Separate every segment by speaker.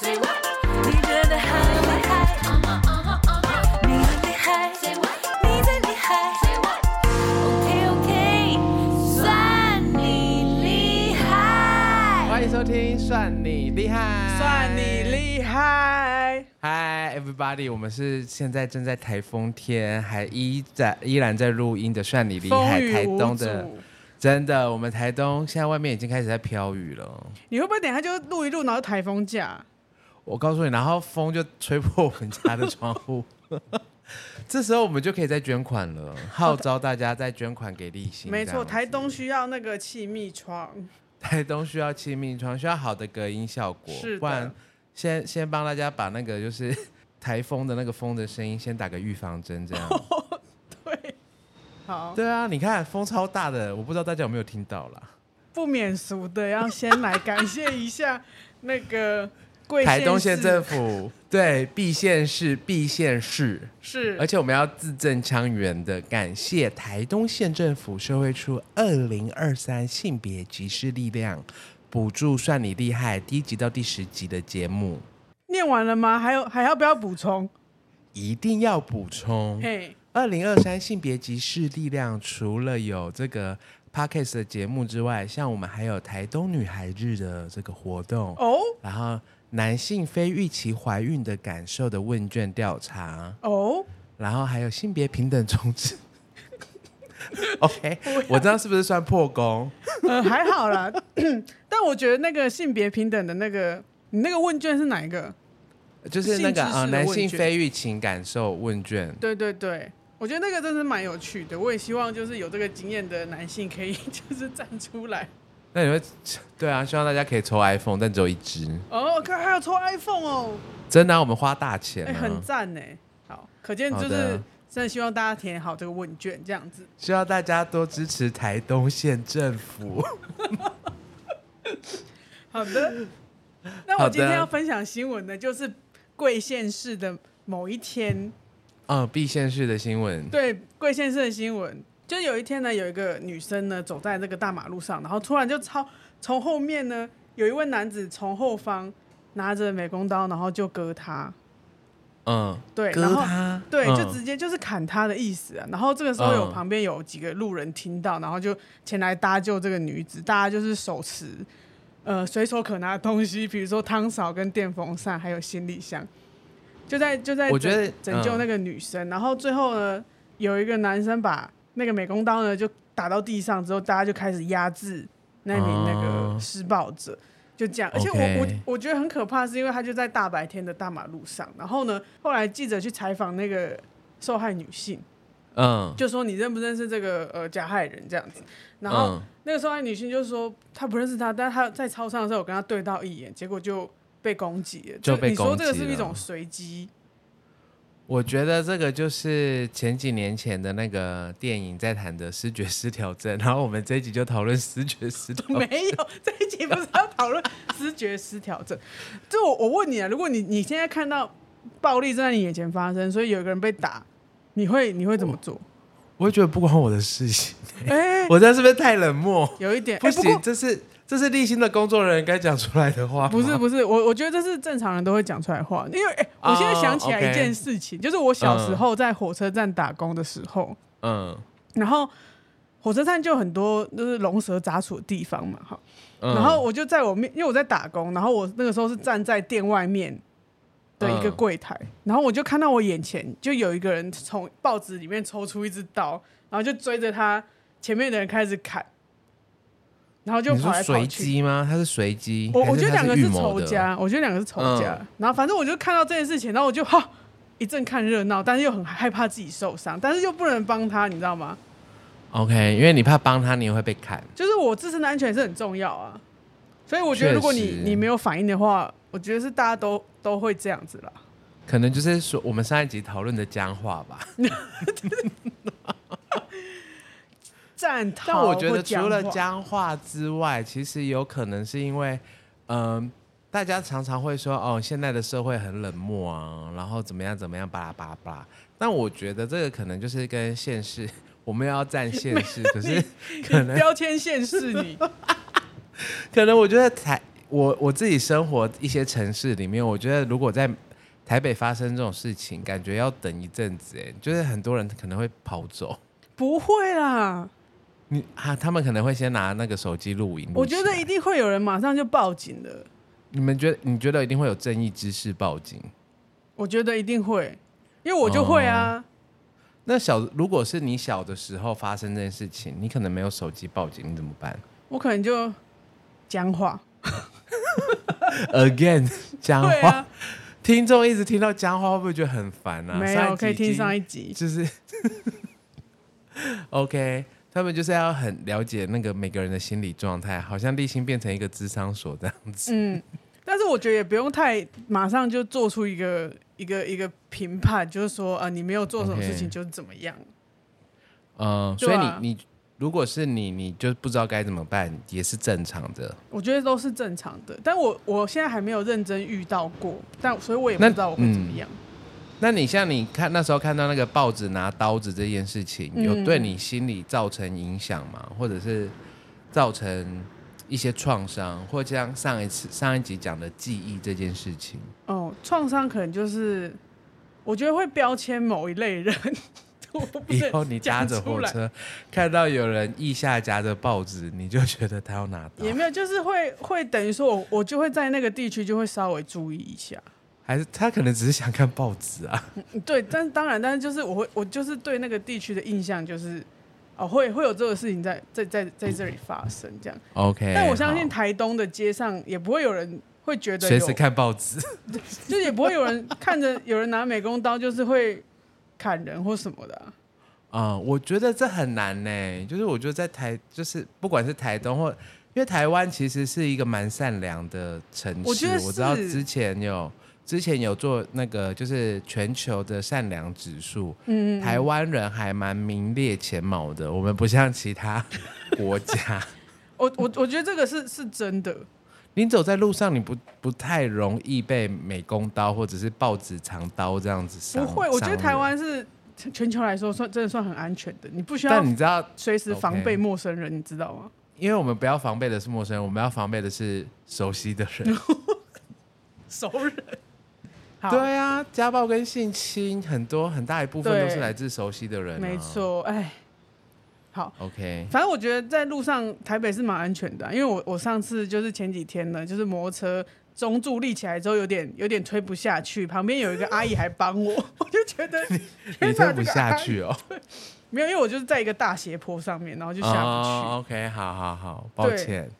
Speaker 1: Say what？你真的好厲害！Uh huh,、uh, uh, uh, uh, uh, 你很厲害！Say what？你最厲
Speaker 2: 害！Say what？OK, okay, OK，算你厲害！歡迎收聽《算你厲害》，算你厲害！Hi, everybody！我們是現在正在台風天還依在依然在錄音的《算你厲害》台東的。真的，我們台東現在外面已經開始在飄雨了。
Speaker 1: 你會不會等一下就錄一錄，然後台風假？
Speaker 2: 我告訴你，然後風就吹破我們家的窗戶， 這時候我們就可以再捐款了，號召大家再捐款給勵馨。沒錯，
Speaker 1: 台東需要那個氣密窗，
Speaker 2: 台東需要氣密窗，需要好的隔音效果，是的。不然先先幫大家把那個就是台風的那個風的聲音先打個預防針，這樣。 對，
Speaker 1: 好。對
Speaker 2: 啊，你看風超大的，我不知道大家有沒有聽到啦。
Speaker 1: 不免俗的，要先來感謝一下那個。台東縣政府
Speaker 2: 對畢縣市，畢縣市是，而且我們要字正腔圓的感謝台東縣政府社會處二零二三性別集市力量補助，算你勵害！第一集到第十集的節目
Speaker 1: 念完了嗎？還有還要不要補充？
Speaker 2: 一定要補充。
Speaker 1: 二零二三
Speaker 2: 性別集市力量除了有這個 podcast 的節目之外，像我們還有台東女孩日的這個活動哦，oh? 然後。男性非預期懷孕的感受的問卷調查哦，Oh? 然後還有性別平等宗旨。 OK，我，我知道是不是算破功？
Speaker 1: 呃、還好啦， 但我覺得那個性別平等的那個，你那個問卷是哪一個？
Speaker 2: 就是那個啊、呃，男性非預期感受問卷。
Speaker 1: 對對對，我覺得那個真的是蠻有趣的，我也希望就是有這個經驗的男性可以就是站出來。
Speaker 2: 那你會對啊，希望大家可以抽 iPhone，但只有一支
Speaker 1: 哦。可、oh, okay, 還要抽 iPhone
Speaker 2: 哦，真的，我們花大錢、啊欸，很
Speaker 1: 讚呢。好，可見就是的真的希望大家填好這個問卷，這樣子。
Speaker 2: 希望大家多支持台東縣政府。
Speaker 1: 好的，那我今天要分享新聞的，就是貴縣市的某一天。
Speaker 2: 嗯，b 縣、嗯、市的新聞。
Speaker 1: 對，貴縣市的新聞。就有一天呢，有一個女生呢，走在那個大馬路上，然後突然就超從後面呢，有一位男子從後方拿着美工刀，然後就割她。嗯、uh,，對，然後割他，對，uh. 就直接就是砍他的意思啊。然後這個時候有、uh. 旁邊有幾個路人聽到，然後就前來搭救這個女子，大家就是手持呃隨手可拿的東西，比如說湯勺跟電風扇，還有行李箱，就在就在我覺得拯拯救那個女生。Uh. 然後最後呢，有一個男生把。那個美工刀呢，就打到地上之後，大家就開始壓制那名那個施暴者，嗯、就這樣。而且我、okay. 我我覺得很可怕，是因為他就在大白天的大馬路上。然後呢，後來記者去採訪那個受害女性，嗯，就說你認不認識這個呃加害人這樣子。然後、嗯、那個受害女性就說她不認識他，但她在操場的時候我跟他對到一眼，結果就被攻擊了。就你說這個是一種隨機。
Speaker 2: 我覺得這個就是前幾年前的那個電影在談的思覺失調症，然後我們這一集就討論思覺失調症，沒
Speaker 1: 有，這一集不是要討論思覺失調症？ 就我我問你啊，如果你你現在看到暴力正在你眼前發生，所以有一個人被打，你會你會怎麼做？
Speaker 2: 我會覺得不關我的事情，哎、
Speaker 1: 欸，我這
Speaker 2: 是不是太冷漠？
Speaker 1: 有一點，不行，欸、不過這是。這是勵
Speaker 2: 馨的工作人員該講出來的話嗎？不是不
Speaker 1: 是，我我覺得這是正常人都會講出來的話。因為哎、欸，我現在想起來一件事情，oh, okay. 就是我小時候在火車站打工的時候，嗯、uh,，然後火車站就很多就是龍蛇雜處的地方嘛，哈、uh,，然後我就在我面，因為我在打工，然後我那個時候是站在店外面的一個櫃台，uh, 然後我就看到我眼前就有一個人從報紙裡面抽出一支刀，然後就追着他前面的人開始砍。然後就跑來跑去
Speaker 2: 嗎？他是隨機。我是是我覺得兩個是仇家，我覺得兩個是仇家，嗯。然
Speaker 1: 後反正我就看到這件事情，然後我就哈一陣看熱鬧，但是又很害怕自己受傷，但是又不能幫他，你知道嗎
Speaker 2: ？OK，因為你怕幫他，你也會被砍。
Speaker 1: 就是我自身的安全是很重要啊。所以我覺得，如果你你沒有反應的話，我覺得是大家都都會這樣子了。
Speaker 2: 可能就是說，我們上一集討論的僵化吧。
Speaker 1: 但我覺得除了僵
Speaker 2: 化之外，其實有可能是因為，嗯、呃，大家常常會說，哦，現在的社會很冷漠啊，然後怎麼樣怎麼樣，巴拉巴拉巴拉。但我覺得這個可能就是跟現實，我們要占現實，可是可能 標
Speaker 1: 籤現實你
Speaker 2: 可能我覺得台，我我自己生活一些城市裡面，我覺得如果在台北發生這種事情，感覺要等一陣子、欸，哎，就是很多人可能會跑走，
Speaker 1: 不會啦。
Speaker 2: 你啊，他們可能會先拿那個手機錄音。我覺
Speaker 1: 得一定會有人馬上就報警的。
Speaker 2: 你們覺得你覺得一定會有正義之士報警？
Speaker 1: 我覺得一定會，因為我就會啊。
Speaker 2: 哦、那小，如果是你小的時候發生這件事情，你可能沒有手機報警你怎麼辦？
Speaker 1: 我可能就僵化。
Speaker 2: Again 僵化，聽眾一直聽到僵化，會不會覺得很煩啊？沒有，我可以聽上一
Speaker 1: 集，就是
Speaker 2: OK。他們就是要很了解那個每個人的心理狀態，好像勵馨變成一個諮商所，這樣子。嗯，
Speaker 1: 但是我覺得也不用太馬上就做出一個一個一個評判，就是說啊、呃，你沒有做什麼事情就是怎麼樣。
Speaker 2: 嗯，啊、所以你你如果是你你就不知道該怎麼辦，也是正常的。
Speaker 1: 我覺得都是正常的，但我我現在還沒有認真遇到過，但所以我也不知道我會怎麼樣。
Speaker 2: 那你像你看那時候看到那個報紙拿刀子這件事情，有對你心理造成影響嗎？嗯。或者是造成一些創傷，或像上一次上一集講的記憶這件事情？
Speaker 1: 哦，創傷可能就是，我覺得會標籤某一類人。我都不，以後你搭着火車
Speaker 2: 看到有人腋下夾着報紙，你就覺得他要拿刀？
Speaker 1: 也沒有，就是會會等於說我我就會在那個地區就會稍微注意一下。
Speaker 2: 還是他可能只是想看報紙啊、
Speaker 1: 嗯？對，但是當然，但是就是我會，我就是對那個地區的印象就是，哦，會會有這個事情在在在在這裡發生這樣。OK，但我相信台東的街上也不會有人會覺得隨時看報紙，就也不會有人看着有人拿美工刀就是會砍人或什麼的
Speaker 2: 啊。啊、嗯，我覺得這很難呢、欸。就是我覺得在台，就是不管是台東或因為台灣其實是一個蠻善良的城市，我覺得我知道之前有。之前有做那個，就是全球的善良指數，嗯，台灣人還蠻名列前茅的。我們不像其他國家，
Speaker 1: 我我我覺得這個是是真的。
Speaker 2: 你走在路上，你不不太容易被美工刀或者是報紙藏刀這樣子。不會，我覺得台灣
Speaker 1: 是全球來說算真的算很安全的。你不需要，但你知道隨時防備陌生人，你陌生人、okay，你知
Speaker 2: 道嗎？因為我們不要防備的是陌生人，我們要防備的是熟悉的人，
Speaker 1: 熟人。
Speaker 2: 對啊，家暴跟性侵很多很大一部分都是來自熟悉的人啊。沒錯，
Speaker 1: 哎，好，OK。反正我覺得在路上台北是蠻安全的啊，因為我我上次就是前幾天呢，就是摩托車中柱立起來之後有點有點推不下去，旁邊有一個阿姨還幫我， 我就覺得你，你，你推不下去哦，沒有，因為我就是在一個大斜坡上面，然後就下不去。
Speaker 2: Oh, OK，好好好，抱歉，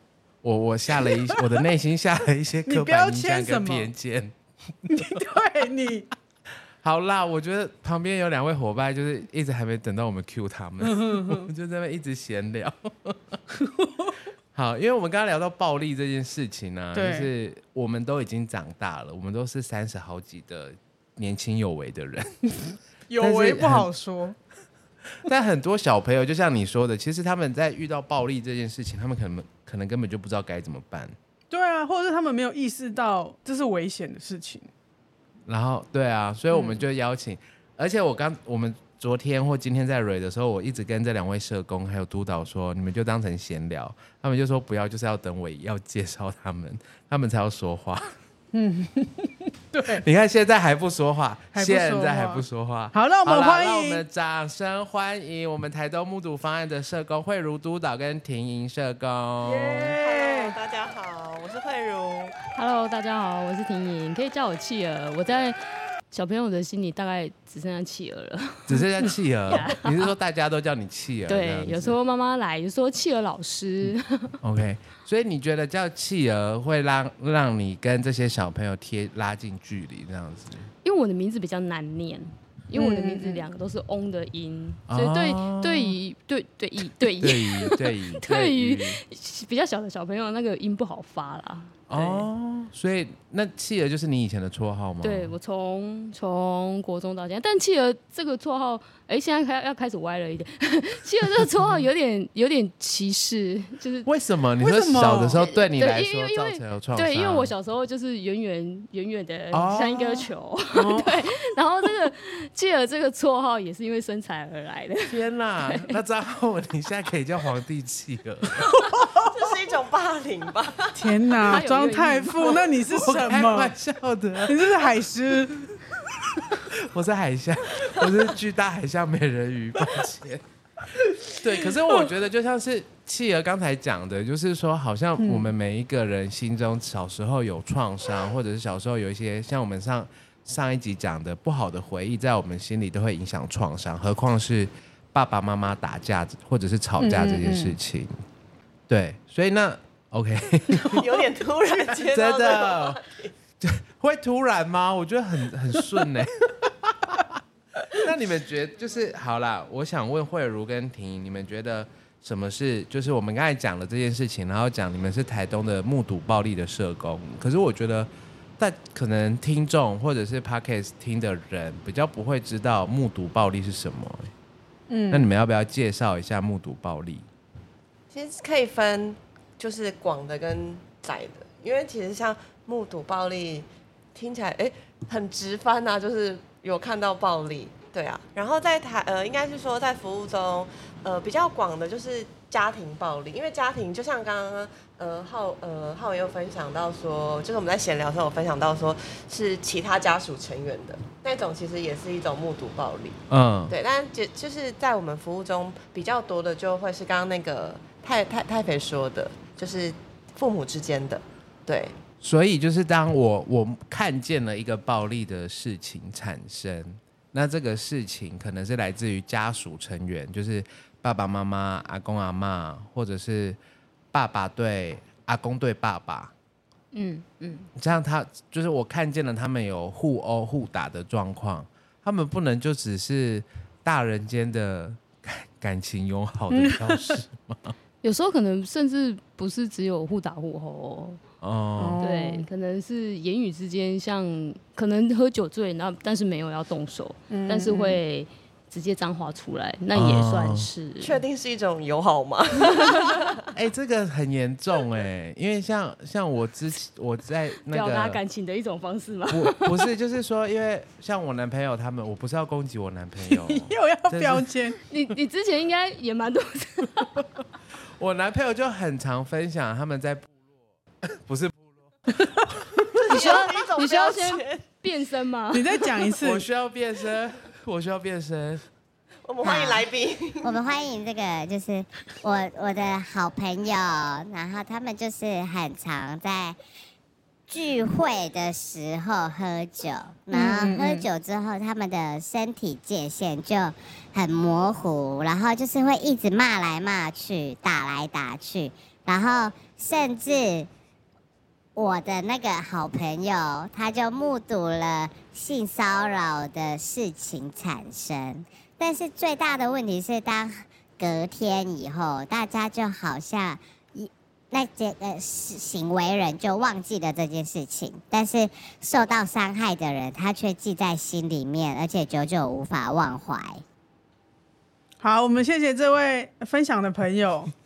Speaker 2: 我我下了一我的內心下了一些刻板印象跟偏見
Speaker 1: 你對，你
Speaker 2: 好啦。我覺得旁邊有兩位夥伴，就是一直還沒等到我們 cue 他們， 我就在那邊一直閒聊。 好，因為我們剛剛聊到暴力這件事情呢，啊，就是我們都已經長大了，我們都是三十好幾的年輕有為的人，
Speaker 1: 有為不好說。但，很， 但
Speaker 2: 很多小朋友，就像你說的，其實他們在遇到暴力這件事情，他們可能可能根本就不知道該怎麼辦。
Speaker 1: 或者是他們沒有意識到這是危險的事情，
Speaker 2: 然後對啊，所以我們就邀請，嗯、而且我剛我們昨天或今天在瑞的時候，我一直跟這兩位社工還有督導說，你們就當成閒聊，他們就說不要，就是要等我要介紹他們，他們才要說話。嗯， 對，你看現在還不，還不說話，現在還不說話，好了，那我們歡迎，我們掌聲歡迎我們台東目睹方案的社工惠茹督導跟亭瑩社工。Yeah!
Speaker 3: 大家好，我是惠茹。Hello，大家好，我是亭瑩，你可以叫我企鵝。我在小朋友的心裡大概只剩下企鵝了， 只
Speaker 2: 剩下企鵝。 你是說大家都叫你企鵝？對，有時候
Speaker 3: 媽媽來，有時候企鵝老師。 OK，所以你
Speaker 2: 覺得叫企鵝會讓讓你跟這些小朋友貼拉近距離這樣
Speaker 3: 子？因為我的名字比較難念。因為我的名字兩個都是嗡的音，嗯嗯嗯，所以對、啊、對於對對以對以 對對於比較小的小朋友那個音不好發啦。哦，
Speaker 2: 所以那企鵝就是你以前的綽號嗎？對，我
Speaker 3: 從從國中到現在，但企鵝這個綽號，哎，現在要要開始歪了一點。企 鵝這個綽號有點有點歧視，就是為什麼？你說
Speaker 2: 小的時候對你對對來說造成創傷，對，因為我小
Speaker 3: 時候就是圓圓圓圓的像一個球，哦、 對、哦。然後這個企鵝 這個綽號也是因為身材而來的。天
Speaker 2: 哪、啊，那這樣，你現在可以叫皇帝企鵝。
Speaker 3: 一種霸凌
Speaker 1: 吧。天哪，莊太傅，那你是什麼？開玩笑
Speaker 2: 的， 你不是海獅。 我是海象，我是巨大海象美人魚吧？
Speaker 1: 對，可是我
Speaker 2: 覺得就像是企鵝剛才講的，就是說，好像我們每一個人心中小時候有創傷、嗯，或者是小時候有一些像我們上上一集講的不好的回憶，在我們心裡都會影響創傷。何況是爸爸媽媽打架或者是吵架這件事情。嗯嗯對，所以那 OK，有點突然， no, 真的， 會突然嗎？我覺得很很順呢、欸。 那你們覺得就是好啦，我想問惠茹跟亭，你們覺得什麼是就是我們剛才講的這件事情，然後講你們是台東的目睹暴力的社工，可是我覺得但可能聽眾或者是 podcast 聽的人比較不會知道目睹暴力是什麼、欸。嗯，
Speaker 1: 那你們
Speaker 2: 要不要介紹一下目睹暴力？
Speaker 4: 其實可以分，就是廣的跟窄的，因為其實像目睹暴力聽起來，哎，很直翻吶啊，就是有看到暴力，對啊。然後在台呃，應該是說在服務中，呃，比較廣的，就是家庭暴力，因為家庭就像剛剛呃浩呃浩也有分享到說，就是我們在閒聊的時候有分享到說是其他家屬成員的那種，其實也是一種目睹暴力，嗯，對。但就就是在我們服務中比較多的，就會是剛剛那個。太太太肥說的，就是父母之間的，對。
Speaker 2: 所以就是當我我看見了一個暴力的事情產生，那這個事情可能是來自於家屬成員，就是爸爸媽媽、阿公阿嬤，或者是爸爸對阿公對爸爸，嗯嗯，這樣他就是我看見了他們有互毆互打的狀況，他們不能就只是大人間的感感情友好的消失嗎？
Speaker 3: 有時候可能甚至不是只有互打互吼
Speaker 1: 哦，對，
Speaker 3: 可能是言語之間，像可能喝酒醉，那但是沒有要動手，mm -hmm. 但是會。直接髒話出來，那也算是確、哦、定是一種
Speaker 2: 友好嗎？哎、 欸，這個很嚴重哎、欸，因為像像我之前我在表、那、達、個、感
Speaker 3: 情的一種方式嗎？不 不是，就是說，
Speaker 2: 因為像我男朋友他們，我不是要攻擊我男朋友，你
Speaker 3: 又要標籤，你你之前應該也蠻多次的。
Speaker 2: 我男朋友就很常分享他們在部落，不是部
Speaker 3: 落。 你需要你 你需要先變身嗎？你再講一次， 我需
Speaker 2: 要變身。我需要變身。
Speaker 4: 我們歡迎來賓。Uh,
Speaker 2: 我們歡迎這個，就是我我的好朋友。然後他們就是很常在聚會的時候喝酒，然後喝酒之後，他們的身體界限就很模糊，然後就是會一直罵來罵去，打來打去，然後甚至。我的那個好朋友，他就目睹了性騷擾的事情產生，但是最大的問題是，當隔天以後，大家就好像那幾個、呃、行為人就忘記了這件事情，但是受到傷害的人，他卻
Speaker 1: 記在心裡面，而且久久無法忘懷。好，我們謝謝這位分享的朋友。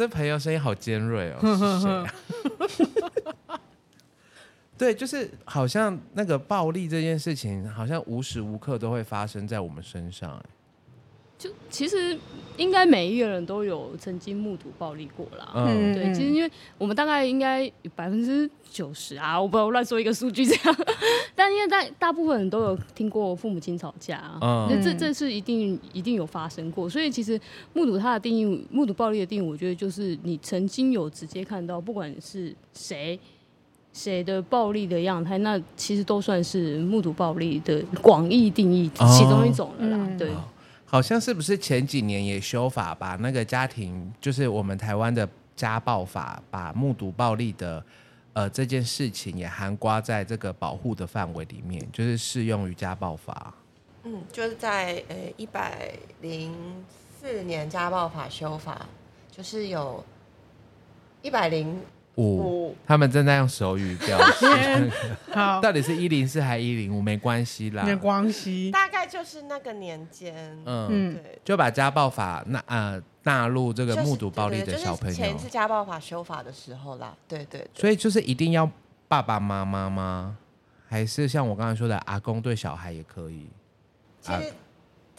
Speaker 2: 這朋友聲音好尖銳哦，是對，就是好像那個暴力這件事情，好像無時無刻都會發生在我們身上，欸。哎，
Speaker 3: 就其實應該每一個人都有曾經目睹暴力過啦。嗯，對，其實因為我們大概應該有百分之九十啊，我不要亂說一個數據這樣。但因為大大部分人都有聽過父母親吵架啊，那、嗯、這這是一定一定有發生過。所以其實目睹它的定義，目睹暴力的定義，我覺得就是你曾經有直接看到，不管是誰。誰的暴力的樣態，那其實都算是目睹暴力的廣義定義其中一種了啦。哦，對。好，
Speaker 2: 好像是不是前幾年也修法，把那個家庭，就是我們台灣的家暴法，把目睹暴力的呃這件事情也含括在這個保護的範圍裡面，就是適用於家暴法。嗯，
Speaker 4: 就是在呃一百零四年家暴法修法，就是有一百零五、哦，
Speaker 2: 他們正在用手語表現、 嗯。好，到底是一零四還是一零五？沒關係啦，沒
Speaker 1: 關係。
Speaker 4: 大概就是那個年間，嗯，嗯
Speaker 2: 對，就把家暴法納呃納入這個目睹暴力的小朋友、就是對對。就是
Speaker 4: 前一次家暴法修法的時候啦，對對、對。
Speaker 2: 所以就是一定要爸爸媽媽嗎？還是像我剛才說的，阿公對小孩也可以。其實啊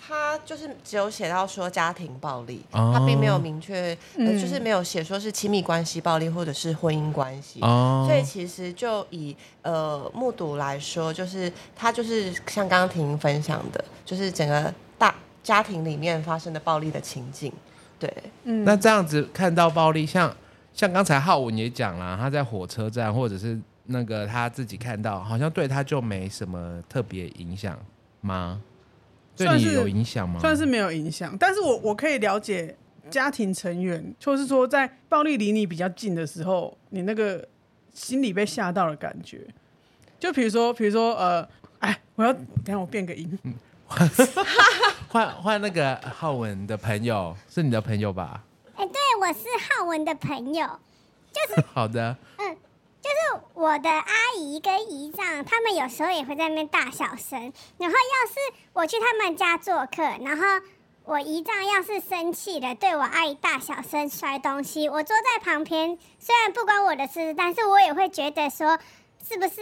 Speaker 4: 他就是只有寫到說家庭暴力，哦、他並沒有明確，嗯、呃，就是沒有寫說是親密關係暴力或者是婚姻關係，哦、所以其實就以呃目睹來說，就是他就是像剛剛亭瑩分享的，就是整個大家庭裡面發生的暴力的
Speaker 2: 情境。對，嗯、那這樣子看到暴力，像像剛才浩文也講了，他在火車站或者是那個他自己看到，好像對他就沒什麼特別影響嗎？
Speaker 1: 對你有影響嗎？算是，算是沒有影響，但是我我可以了解家庭成員，或是說在暴力離你比較近的時候，你那個心裡被嚇到的感覺。就比如說，比如說，呃，哎，我要，等下我變個音，
Speaker 2: 換 換那個浩文的朋友，是你的朋友吧？哎、
Speaker 1: 欸，對，我是浩文的朋友，就是好的，嗯。就是我的阿姨跟姨丈，他們有時候也會在那邊大小聲。然後要是我去他們家做客，然後我姨丈要是生氣了，對我阿姨大小聲、摔東西，我坐在旁邊，雖然不關我的事，但是我也會覺得說，是不是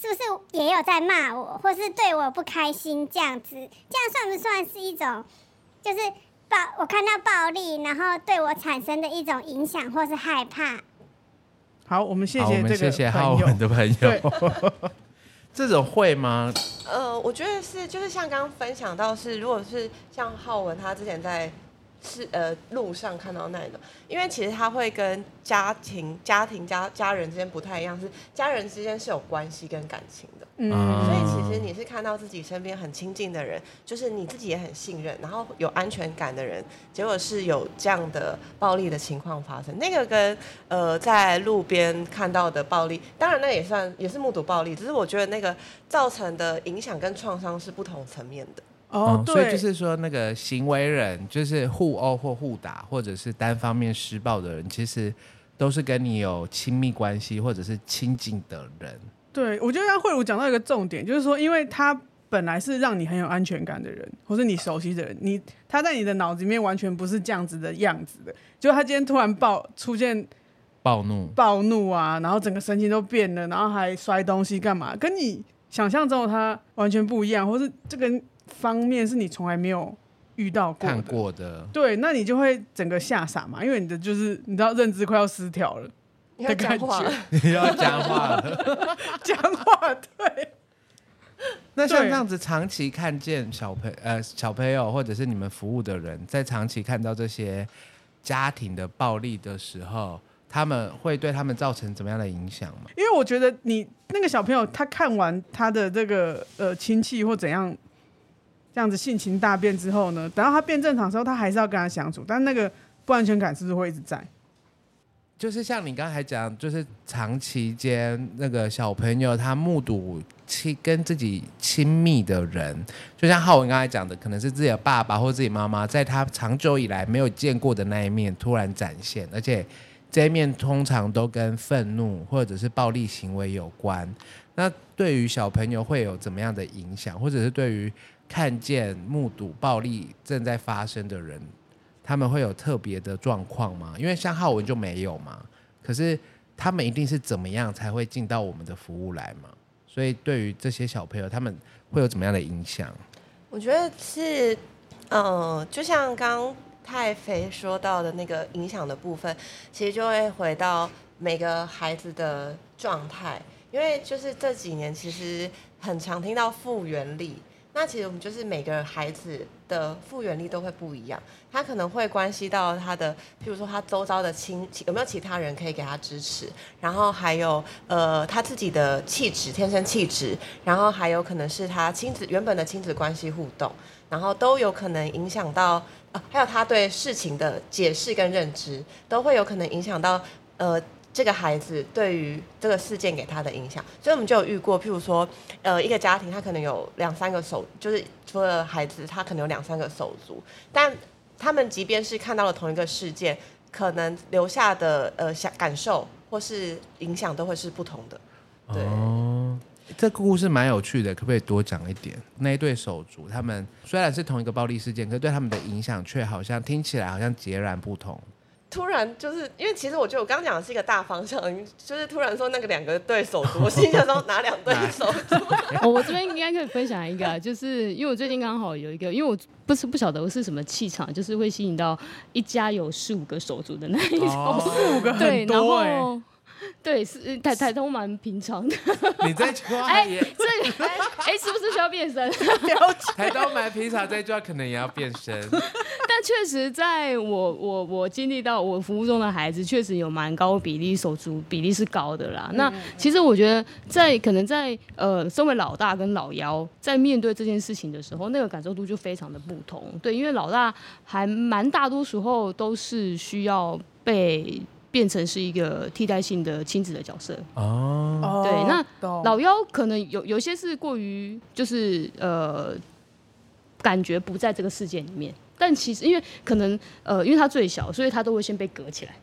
Speaker 1: 是不是也有在罵我，或是對我不開心這樣子？這樣算不算是一種，就是暴我看到暴力，然後對我產生的一種影響或是害怕？好，我們謝謝這個謝謝浩文的朋友。
Speaker 2: 這種會嗎？
Speaker 4: 呃，我覺得是，就是像剛剛分享到是，是如果是像浩文他之前在。是呃，路上看到那一種，因為其實他會跟家庭、家庭家家人之間不太一樣，是家人之間是有關係跟感情的。嗯嗯，所以其實你是看到自己身邊很親近的人，就是你自己也很信任，然後有安全感的人，結果是有這樣的暴力的情況發生。那個跟呃在路邊看到的暴力，當然那也算也是目睹暴力，只是我覺得那個造成的影響跟創傷是不同層面的。哦、oh,
Speaker 2: 嗯，所以就是說，那個行為人就是互毆或互打，或者是單方面施暴的人，其實都是跟你有親密關係或者是親近的人。
Speaker 1: 對，我覺得像惠茹講到一個重點，就是說，因為他本來是讓你很有安全感的人，或是你熟悉的人，你，他在你的腦子裡面完全不是這樣子的樣子的，結果他今天突然暴出現暴怒、暴怒啊，然後整個神情都變了，然後還摔東西幹嘛，跟你想象中的他完全不一樣，或是這個。方面是你從來沒有遇到過的，看過的，對，那你就會整個嚇傻嘛，因為你的就是你知道認知快要失調了，你要講話了，講 話， 話，對。那像這樣
Speaker 2: 子長期看見小朋呃小朋友或者是你們服務的人，在長期看到這些家庭的暴力的時候，他們會對他們造成怎麼樣的影響嗎？
Speaker 1: 因為我覺得你那個小朋友他看完他的這個呃親戚或怎樣。這樣子性情大變之後呢，等到他變正常的時候，他還是要跟他相處，但那個不安全感是不是會一直在？
Speaker 2: 就是像你剛才講，就是長期間那個小朋友他目睹親跟自己親密的人，就像浩文剛才講的，可能是自己的爸爸或自己媽媽，在他長久以來沒有見過的那一面突然展現，而且這一面通常都跟憤怒或者是暴力行為有關。那對於小朋友會有怎麼樣的影響，或者是對於？看見目睹暴力正在發生的人，他們會有特別的狀況嗎？因為像浩文就沒有嘛。可是他們一定是怎麼樣才會進到我們的服務來嘛？所以對於這些小朋友，他們會有怎麼樣的影響？
Speaker 4: 我覺得是，嗯、呃，就像剛剛太妃說到的那個影響的部分，其實就會回到每個孩子的狀態，因為就是這幾年其實很常聽到復原力。那其實我們就是每個孩子的復原力都會不一樣，他可能會關係到他的，譬如說他周遭的親戚有沒有其他人可以給他支持，然後還有呃他自己的氣質，天生氣質，然後還有可能是他親子原本的親子關係互動，然後都有可能影響到，呃，還有他對事情的解釋跟認知，都會有可能影響到呃。這個孩子對於這個事件給他的影響，所以我們就有遇過，譬如說，呃，一個家庭他可能有兩三個手，就是除了孩子，他可能有兩三個手足，但他們即便是看到了同一個事件，可能留下的呃想感受或是影響都會是不同的。
Speaker 2: 對哦，這個故事蠻有趣的，可不可以多講一點？那一對手足他們雖然是同一個暴力事件，可是對他們的影響卻好像聽起來好像截然不同。
Speaker 4: 突然就是因為其實我覺得我剛剛講的是一個大方向，就是突然說那個兩個對手足，我心想說哪兩對
Speaker 3: 手足？ oh, 我這邊應該可以分享一個，就是因為我最近剛好有一個，因為我不是不曉得我是什麼氣場，就是會吸引到一家有四五個手足的那一種，四五個很多。然後 對，是、呃、台台東蠻平常的。你在抓哎，這哎、欸，是不是需要變身？
Speaker 2: 台東蠻平常，在抓可能也要變身。
Speaker 3: 但確實，在我我我經歷到我服務中的孩子，確實有蠻高的比例，手足比例是高的啦。嗯、那其實我覺得在，在可能在呃，身為老大跟老幺，在面對這件事情的時候，那個感受度就非常的不同。對，因為老大還蠻大多時候都是需要被。變成是一個替代性的親子的角色哦，
Speaker 1: 對，那
Speaker 3: 老幺，可能有有些是過於就是呃，感覺不在這個世界裡面，但其實因為可能呃，因為他最小，所以他都會先被隔起來。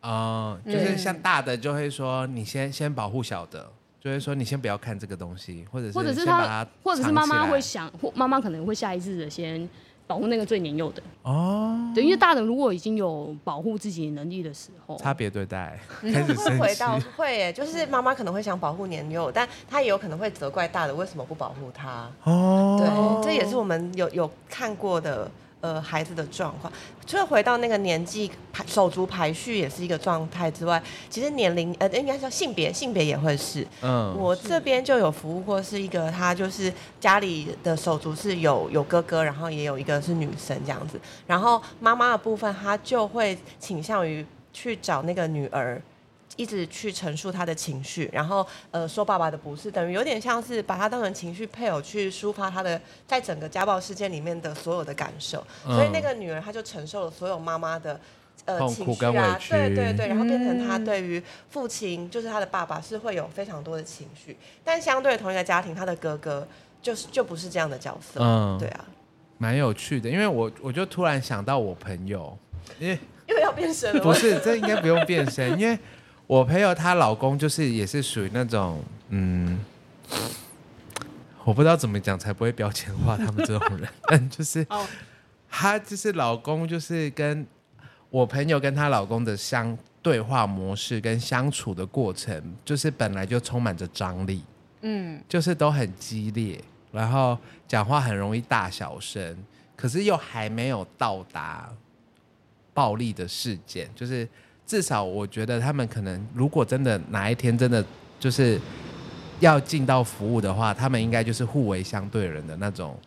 Speaker 3: 嗯、
Speaker 2: 呃，就是像大的就會說，你先先保護小的，就會說，你先不要看這個東西，或者是他或者是媽媽會
Speaker 3: 想，媽媽可能會下意識的先。保護那個最年幼的
Speaker 2: 哦、oh，
Speaker 3: 對，因為大人如果已經有保護自己能力的時候，差
Speaker 2: 別對待，會 不會回到
Speaker 4: 會、欸？就是媽媽可能會想保護年幼，但她也有可能會責怪大人為什麼不保護她。哦、oh。對，這也是我們有有看過的。呃，孩子的狀況，除了回到那個年紀排手足排序也是一個狀態之外，其實年齡呃應該叫性別，性別也會是。
Speaker 2: 嗯，我
Speaker 4: 這邊就有服務過是一個，他就是家裡的手足是有有哥哥，然後也有一個是女生這樣子，然後媽媽的部分他就會傾向於去找那個女兒。一直去陳述他的情緒，然後呃說爸爸的不是，等於有點像是把他當成情緒配偶，去抒發他的在整個家暴事件裡面的所有的感受，嗯、所以那個女兒她就承受了所有媽媽的呃，痛苦跟委屈，對對對，然後變成她對於父親就是他的爸爸是會有非常多的情緒，但相對同一個家庭，她的哥哥就是就不是這樣的角色，嗯，
Speaker 2: 對啊，蠻有趣的，因為我我就突然想到我朋友，因
Speaker 1: 為因為要變身了，不是，這應
Speaker 2: 該不用變身， 因為。我朋友她老公就是也是屬於那種，嗯，我不知道怎麼講才不會標籤化他們這種人， 但就是，她就是老公就是跟我朋友跟她老公的相對話模式跟相處的過程，就是本來就充滿着張力，嗯，就是都很激烈，然後講話很容易大小聲，可是又還沒有到達暴力的事件，就是。至少我覺得他們可能，如果真的哪一天真的就是要進到服務的話，他們應該就是互為相對人的那種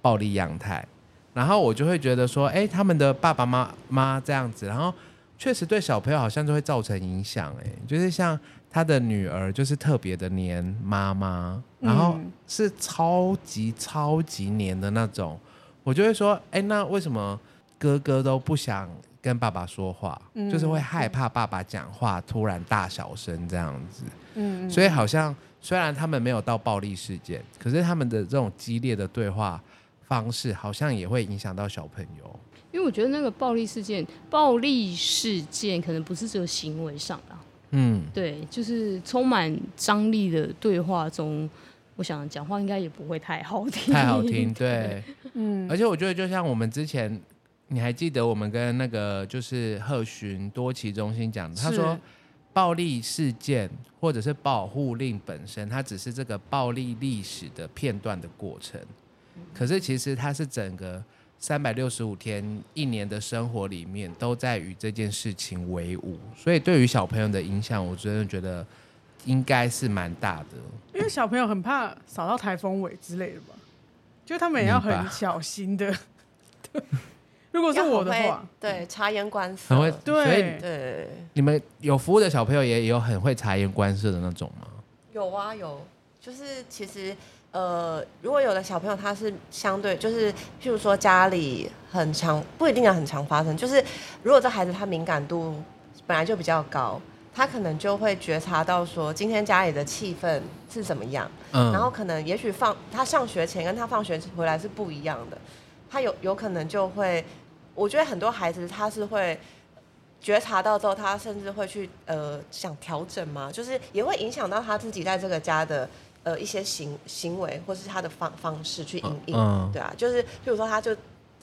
Speaker 2: 暴力樣態。然後我就會覺得說，哎、欸，他們的爸爸媽媽這樣子，然後確實對小朋友好像就會造成影響、欸。哎，就是像他的女兒，就是特別的黏媽媽，然後是超級超級黏的那種。我就會說，哎、欸，那為什麼哥哥都不想？跟爸爸說話，嗯，就是會害怕爸爸講話突然大小聲這樣子，嗯，所以好像雖然他們沒有到暴力事件，可是他們的這種激烈的對話方式，好像也會影響到小朋友。
Speaker 3: 因為我覺得那個暴力事件，暴力事件可能不是只有行為上啦，嗯，對，就是充滿張力的對話中，我想講話應該也不會太好聽，太好聽，對，對，嗯，而
Speaker 2: 且我覺得就像我們之前。你還記得我們跟那個就是賀尋多奇中心講的，他說，暴力事件或者是保護令本身，它只是這個暴力歷史的片段的過程。嗯、可是其實它是整個三百六十五天一年的生活裡面都在與這件事情為伍，所以對於小朋友的影響，我真的覺得應該是蠻大的。
Speaker 1: 因為小朋友很怕掃到台風尾之類的吧，就他們也要很小心的。 如果是我
Speaker 4: 的話，對，察言觀色。嗯、很會。對對，
Speaker 2: 你們有服務的小朋友也有很會察言觀色的那種嗎？
Speaker 4: 有啊，有。就是其實，呃，如果有的小朋友他是相對，就是譬如說家裡很常，不一定啊，很常發生。就是如果這孩子他敏感度本來就比較高，他可能就會覺察到說今天家裡的氣氛是怎麼樣。嗯。然後可能也許放他上學前跟他放學回來是不一樣的，他有有可能就會。我覺得很多孩子他是會覺察到之後，他甚至會去呃想調整嘛，就是也會影響到他自己在這個家的呃一些行行為，或是他的方方式去因應。啊，對啊，就是譬如說他就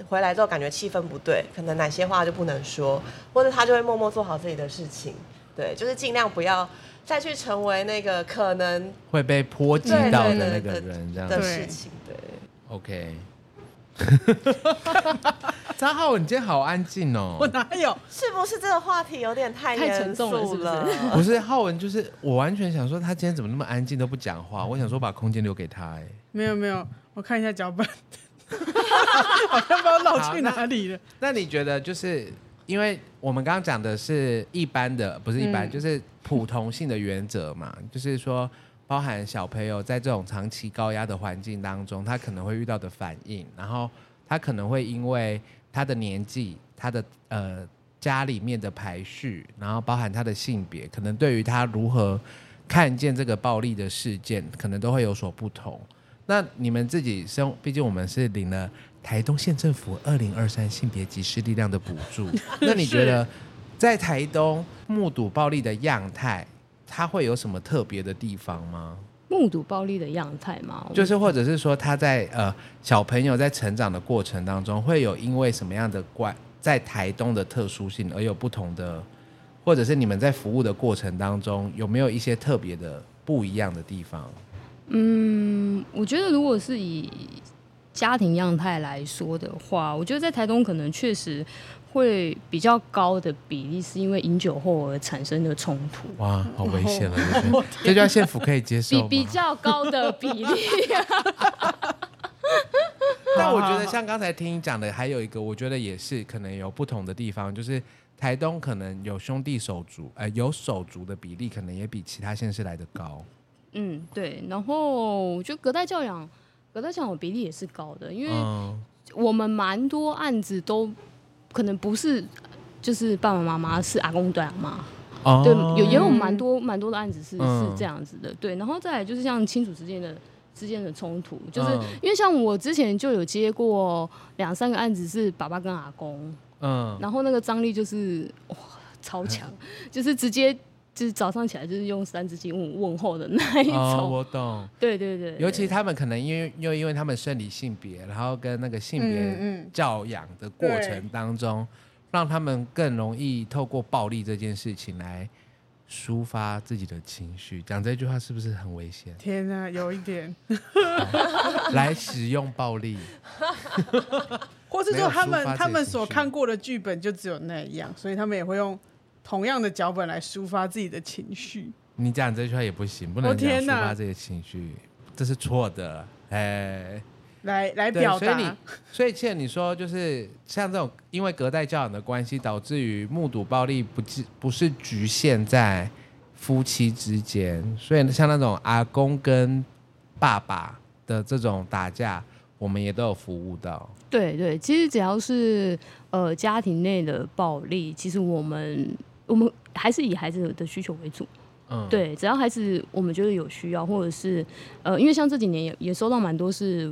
Speaker 4: 回來之後感覺氣氛不對，可能哪些話就不能說，或者他就會默默做好自己的事情，對，就是儘量不要再去成為那個可能
Speaker 2: 會被波及到的那個人，對對對對對人這樣的、的事情，對，OK。哈哈哈！哈，張浩文，你今天好安靜哦。我哪
Speaker 4: 有？ 是不是這個話題有點太嚴肅了？太沉重了是不是？ 不是，
Speaker 2: 浩文就是我完全想說，他今天怎麼那麼安靜都不講話？我想說我把空間留給他、欸。
Speaker 1: 哎，沒有沒有，我看一下腳本。哈哈哈哈
Speaker 2: 好像不知道落去哪裡了。那，那你覺得，就是因為我們剛剛講的是一般的，不是一般，嗯、就是普通性的原則嘛、嗯。就是說。包含小朋友在這種長期高壓的環境當中，他可能會遇到的反應，然後他可能會因為他的年紀、他的呃家裡面的排序，然後包含他的性別，可能對於他如何看見這個暴力的事件，可能都會有所不同。那你們自己生，畢竟我們是領了台東縣政府二零二三性別歧視力量的補助，那你覺得在台東目睹暴力的樣態？他會有什麼特別的地方嗎？
Speaker 3: 目睹暴力的樣態嗎？就是
Speaker 2: 或者是說他在呃小朋友在成長的過程當中，會有因為什麼樣的怪，在台東的特殊性而有不同的，或者是你們在服務的過程當中有沒有一些特別的不一樣的地方？
Speaker 3: 嗯，我覺得如果是以家庭樣態來說的話，我覺得在台東可能確實。會比較高的比例，是因為飲酒後而產生的衝突。
Speaker 2: 哇，好危險了！對不對哦啊、這就這，縣府可以接受嗎？比比較
Speaker 3: 高的比例
Speaker 1: 那
Speaker 2: 但我覺得，像剛才聽你講的，還有一個，我覺得也是可能有不同的地方，就是台東可能有兄弟手足，呃，有手足的比例可能也比其他縣市來得高。
Speaker 3: 嗯，對。然後我覺得隔代教養，隔代教養比例也是高的，因為我們蠻多案子都。可能不是，就是爸爸媽媽是阿公對阿媽、
Speaker 2: oh.，對，
Speaker 3: 有也有蠻多蠻多的案子是是這樣子的，對，然後再來就是像親屬之間的之間的衝突，就是因為像我之前就有接過兩三個案子是爸爸跟阿公，嗯、
Speaker 2: oh.，然
Speaker 3: 後那個張力就是哇，超強，就是直接。就是早上起來就是用三字經問問候的那一種，哦，我
Speaker 2: 懂，對對對。尤其他們可能因為又因為他們生理性別，然後跟那個性別教養的過程當中、嗯嗯，讓他們更容易透過暴力這件事情來抒發自己的情緒。講這句話是不是很危險？
Speaker 1: 天哪，有一點。 來
Speaker 2: 使用暴力，
Speaker 1: 或是說他們他們所看過的劇本就只有那樣，所以他們也會用。同樣的腳本來抒發自己的情緒。
Speaker 2: 你講這句話也不行，不能講抒發自己的情緒，哦，這是錯的。哎，欸，
Speaker 1: 來來表達。所以你，
Speaker 2: 所以倩你說，就是像這種因為隔代教養的關係，導致於目睹暴力不是不是局限在夫妻之間，所以像那種阿公跟爸爸的這種打架，我們也都有服務到。對
Speaker 3: 對，對，其實只要是呃家庭內的暴力，其實我們。我們還是以孩子的需求為主，嗯，對，只要孩子我們覺得有需要，或者是呃，因為像這幾年也也收到蠻多是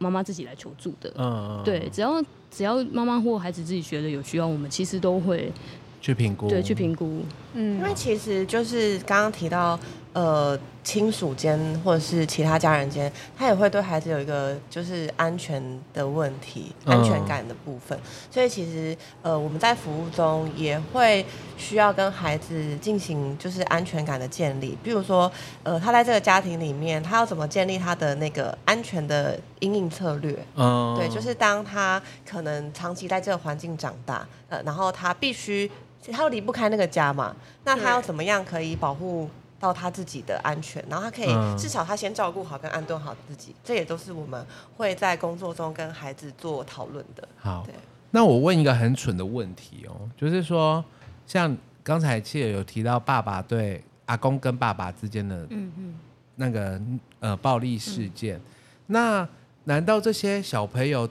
Speaker 3: 媽媽自己來求助的，嗯，對，只要只要媽媽或孩子自己覺得有需要，我們其實都會去評估，對，去評估。嗯，因為其實就是剛剛提
Speaker 4: 到，呃，親屬間或者是其他家人間，他也會對孩子有一個就是安全的問題、嗯、安全感的部分。所以其實呃，我們在服務中也會需要跟孩子進行就是安全感的建立，比如說呃，他在這個家庭裡面，他要怎麼建立他的那個安全的因應策略？嗯，
Speaker 1: 對，就是
Speaker 4: 當他可能長期在這個環境長大，呃，然後他必須。他離不開那個家嘛？那他要怎麼樣可以保護到他自己的安全？然後他可以至少他先照顧好跟安頓好自己，嗯，這也都是我們會在工作中跟孩子做討論的。好，對，
Speaker 2: 那我問一個很蠢的問題哦，就是說，像剛才七有提到爸爸對阿公跟爸爸之間的，嗯嗯，那個呃暴力事件嗯嗯，那難道這些小朋友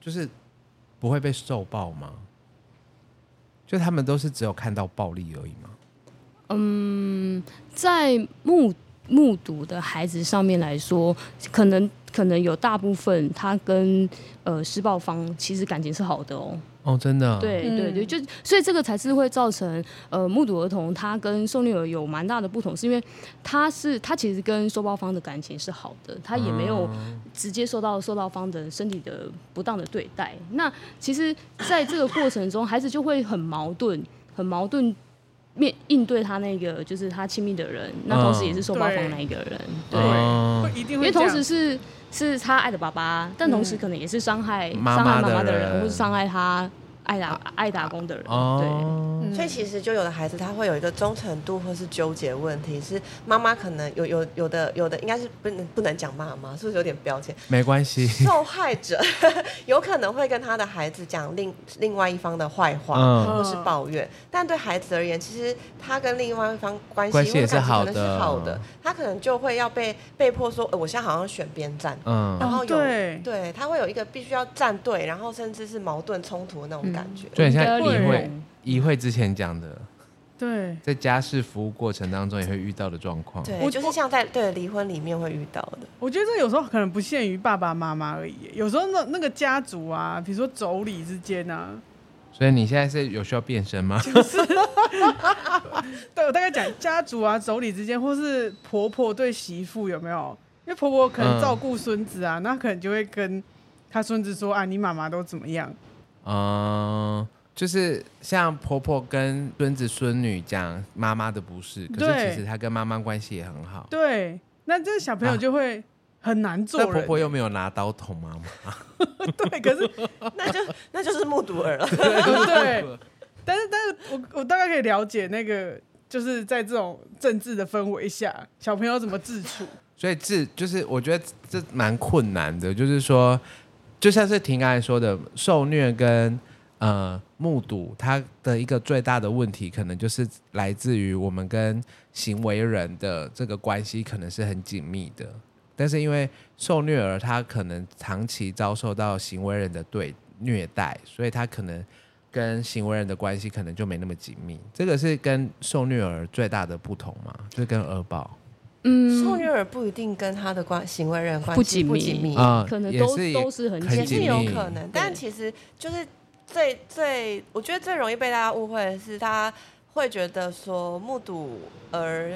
Speaker 2: 就是不會被受暴嗎？就他們都是只有看到暴力而已嗎？嗯，
Speaker 3: 在目目睹的孩子上面來說，可能。可能有大部分他跟呃施暴方，其實感情是好的
Speaker 2: 哦哦、oh, 真的、啊、對、嗯、對
Speaker 3: 對，就所以這個才是會造成呃目睹兒童他跟受虐兒有蠻大的不同，是因為他是他其實跟受暴方的感情是好的，他也沒有直接受到受暴方的身體的不當的對待。那其實在這個過程中，孩子就會很矛盾，很矛盾面應對他那個就是他親密的人，那同時也是受暴方的那一個人，uh. 對，對 uh. 因為同時是。是他愛的爸爸，但同時可能也是傷害傷，嗯，害媽媽的，的人，或者傷害他，愛打愛打工的人，
Speaker 2: 對、嗯，所以
Speaker 4: 其實就有的孩子他會有一個忠誠度或是糾結問題，是媽媽可能有有有的有的應該是不能不能講媽媽，是不是有點標籤？
Speaker 2: 沒關
Speaker 1: 係，受
Speaker 4: 害者呵呵有可能會跟他的孩子講另另外一方的壞話，嗯，或是抱怨，嗯，但對孩子而言，其實他跟另外一方關係關係是，是好的，他可能就會要被被迫說，呃，我現在好像選邊站，嗯，然後有對，他會有一個必須要站隊，然後甚至是矛盾衝突的那種。感覺就很像儀
Speaker 2: 會儀會之前講的，
Speaker 1: 對，
Speaker 2: 在家事服務過程當中也會遇到的狀況，對，就是
Speaker 1: 像在對離婚裡面會遇到的我我。我覺得這有時候可能不限於爸爸媽媽而已，有時候那那個家族啊，比如說妯娌之間啊。
Speaker 2: 所以你現在是有需要變身嗎？
Speaker 1: 就是， 對我大概講家族啊，妯娌之間，或是婆婆對媳婦有沒有？因為婆婆可能照顧孫子啊，那、嗯、可能就會跟他孫子說：“啊，你媽媽都怎麼樣？”
Speaker 2: 嗯，就是像婆婆跟孫子孫女講媽媽的不是，可是其實她跟媽媽關係也很好。
Speaker 1: 對，那這小朋友就會很難做人。啊、婆婆
Speaker 2: 又沒有拿刀捅媽媽。
Speaker 1: 對，可是 那就那就是目
Speaker 2: 睹兒
Speaker 4: 了。對， 對
Speaker 1: 但是但是我我大概可以了解那個，就是在這種政治的氛圍下，小朋友怎麼自處。
Speaker 2: 所以自就是我覺得這蠻困難的，就是說。就像是亭剛才說的，受虐跟呃目睹，它的一個最大的問題，可能就是來自於我們跟行為人的這個關係可能是很緊密的，但是因為受虐兒他可能長期遭受到行為人的對虐待，所以他可能跟行為人的關係可能就沒那麼緊密，這個是跟受虐兒最大的不同嘛，就是、跟兒保。
Speaker 4: 嗯，受虐兒不一定跟他的關行為人關係不緊密，啊，可能都是都是很緊密，也是有可能。但其實就是最最，我覺得最容易被大家誤會的是，他會覺得說目睹兒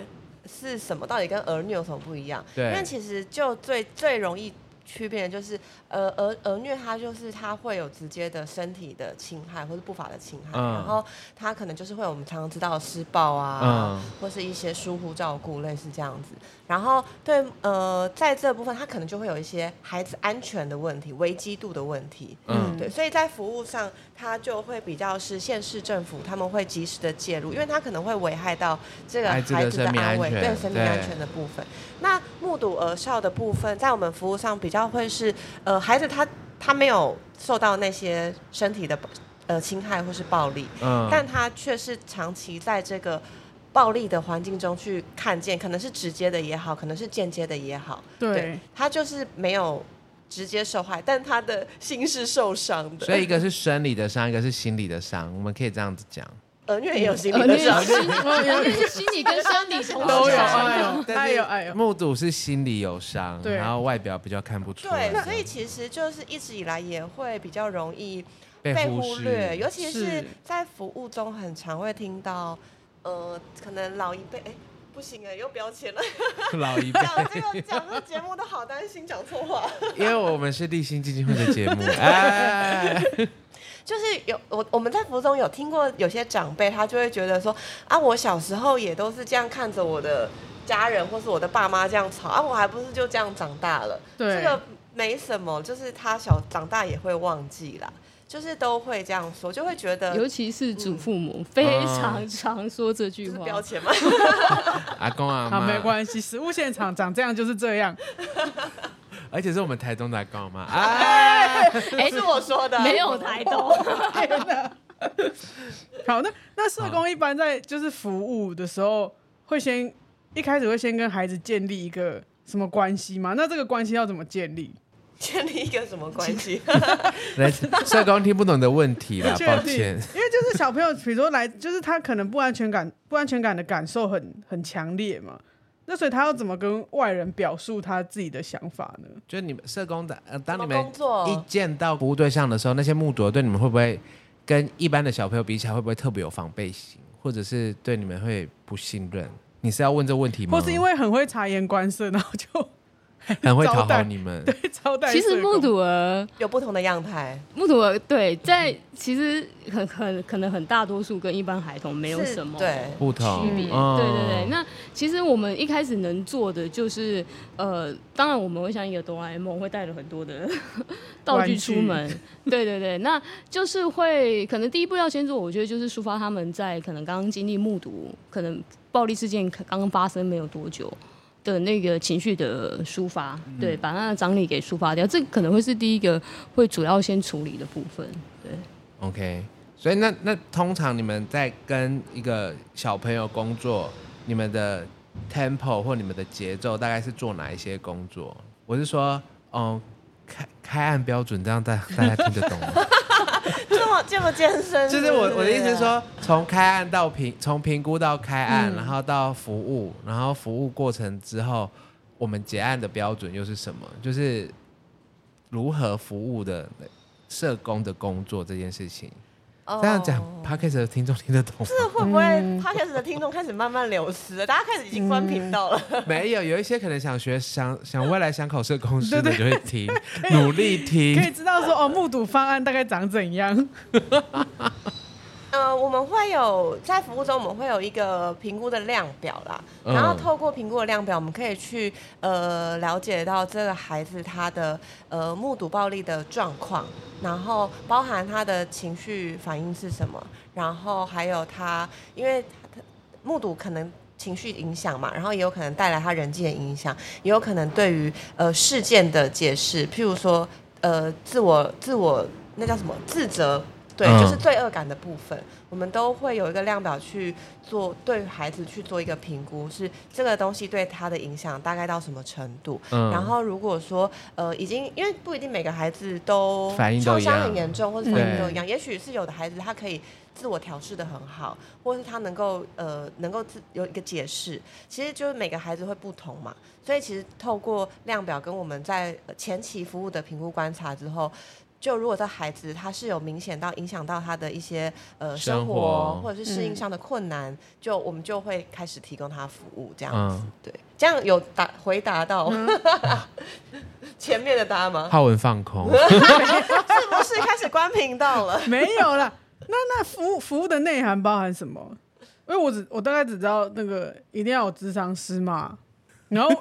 Speaker 4: 是什麼，到底跟兒虐有什麼不一樣？對，但其實就最最容易區別的就是。呃，兒兒虐他就是他會有直接的身體的侵害或者不法的侵害，嗯，然後他可能就是會有我們常常知道的施暴啊，嗯，或是一些疏忽照顧類似這樣子。然後對呃，在這部分他可能就會有一些孩子安全的問題，危機度的問題。嗯，對，所以在服務上他就會比較是縣市政府他們會及時的介入，因為他可能會危害到這個孩子的安危對生命安全的部分。那目睹兒少的部分，在我們服務上比較會是呃。孩子他他沒有受到那些身體的呃侵害，或是暴力，嗯，但他卻是長期在這個暴力的環境中去看見，可能是直接的也好，可能是間接的也好，對，對，他就是沒有直接受害，但他的心是受傷的。所以一個
Speaker 2: 是生理的傷，一個是心理的傷，我們可以這樣子講。
Speaker 4: 兒女也有心理的，兒心理，兒女心理跟生理， 理，跟理都有，都有，
Speaker 2: 目睹是心理有傷，然後外表比較看不出來。
Speaker 4: 對，所以其實就是一直以來也會比較容易被忽略，忽尤其是在服務中，很常會聽到，呃，可能老一輩，哎、欸，不行哎、欸，又不要錢了。
Speaker 2: 老一輩輩講 這個講
Speaker 4: 這個節目都好擔 心講錯話，
Speaker 2: 因為我們是勵馨基金會的節目。 哎
Speaker 4: 就是有我我們在福中有聽過，有些長輩他就會覺得說，啊我小時候也都是這樣看着我的家人或是我的爸媽這樣吵啊，我還不是就這樣長大了，對這個沒什麼，就是他小長大也會忘記啦，就是都會這樣說，就會覺得尤其
Speaker 3: 是祖父母、嗯、非常
Speaker 1: 常說這句話、啊、這是標籤嗎？
Speaker 2: 阿、 啊、公啊，啊，沒關
Speaker 1: 係，實務現場長這樣就是這樣。
Speaker 2: 而且是我們台東在講嘛。
Speaker 1: 哎、啊欸欸，是我說的，沒有台東、哦啊、 好，那那社工一般在就是服務的時候，會先一開始會先跟孩子建立一個什麼關係嗎？那這個關係要怎麼建立？建立一個
Speaker 4: 什麼關係
Speaker 2: 來，社工聽不懂的問題啦， 抱歉。
Speaker 1: 因為就是小朋友，比如說來，就是他可能不安全感， 不安全感的感受很很強烈嘛。那所以他要怎麼跟外人表述他自己的想法呢？就是你們社工在、呃、當你們一
Speaker 2: 見到服務對象的時候，那些目睹的對你們會不會跟一般的小朋友比起來，會不會特別有防備心，或者是對你們會不信任？你是要問這問題嗎？
Speaker 1: 或是因為很會察言觀色，然後就。很會討好你們，對，招待。其實目
Speaker 3: 睹兒有不同的樣態，
Speaker 1: 目睹兒對，在其實很很可能
Speaker 3: 很大多數跟一般孩童沒有什麼對不同區別，對對對。那其實我們一開始能做的就是，呃，當然我們會像一個哆啦 A 夢，會帶着很多的
Speaker 1: 道具出門，
Speaker 3: 對對對。那就是會可能第一步要先做，我覺得就是抒發他們在可能剛剛經歷目睹，可能暴力事件剛剛發生沒有多久。的那個情緒的抒發，嗯、對，把那個張力給抒發掉，這可能會是第一個會主要先處理的部分，對。
Speaker 2: OK，所以那那通常你們在跟一個小朋友工作，你們的 tempo 或你們的節奏大概是做哪一些工作？我是說，嗯、哦，開開案標準，這樣大家大家聽得懂嗎？
Speaker 4: 健不健身？就是我我的意思是說，
Speaker 2: 從開案到評，從評估到開案，嗯，然後到服務，然後服務過程之後，我們結案的標準又是什麼？就是如何服務的社工的工作這件事情。這樣講、oh.，podcast 的聽眾聽得懂嗎？是會不會
Speaker 4: podcast 的聽眾開始慢慢流失了？大家開始已經關頻道
Speaker 2: 了、嗯。沒有，有一些可能想學想、想想未來想考社工師，的就會聽， 努力
Speaker 1: 聽，可以，可以知道說哦，目睹方案大概長怎樣。
Speaker 4: 呃，我們會有在服務中，我們會有一個評估的量表啦。然後透過評估的量表，我們可以去呃了解到這個孩子他的呃目睹暴力的狀況，然後包含他的情緒反應是什麼，然後還有他因為他目睹可能情緒影響嘛，然後也有可能帶來他人際的影響，也有可能對於呃事件的解釋，譬如說呃自我自我那叫什麼自責。對，就是罪惡感的部分、嗯，我們都會有一個量表去做對孩子去做一個評估，是這個東西對他的影響大概到什麼程度。嗯、然後如果說呃已經，因為不一定每個孩子都創傷很嚴重或者反應都一樣，一樣也許是有的孩子他可以自我調適得很好，或者是他能夠呃能夠自有一個解釋。其實就是每個孩子會不同嘛，所以其實透過量表跟我們在前期服務的評估觀察之後。就如果這孩子他是有明顯到影響到他的一些呃生活或者是適應上的困難，嗯，就我們就會開始提供他服務這樣子，嗯，對，這樣有答回答到，嗯、 前面的答案嗎？浩文放
Speaker 2: 空，
Speaker 1: 是不是開始關頻道了？ 沒有啦，那那服務服務的內涵包含什麼？因為我只我大概只知道那個一定要有諮商師嘛。
Speaker 2: 然後，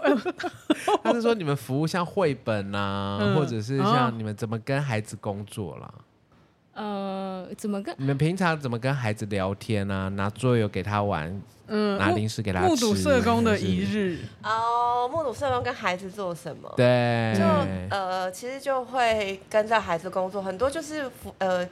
Speaker 2: 他是說你們服務像繪本吶、啊嗯，或者是像你們怎麼跟孩子工作了、
Speaker 3: 啊？呃，怎麼跟？你們
Speaker 2: 平常怎麼跟孩子聊天啊？拿桌遊給他玩，嗯，
Speaker 3: 拿零
Speaker 2: 食給他吃。目睹社工的一
Speaker 1: 日
Speaker 4: 哦，uh, 目睹社工跟孩子做什麼？
Speaker 1: 對，就、嗯、呃，
Speaker 4: 其實就會跟着孩子工作，很多就是呃，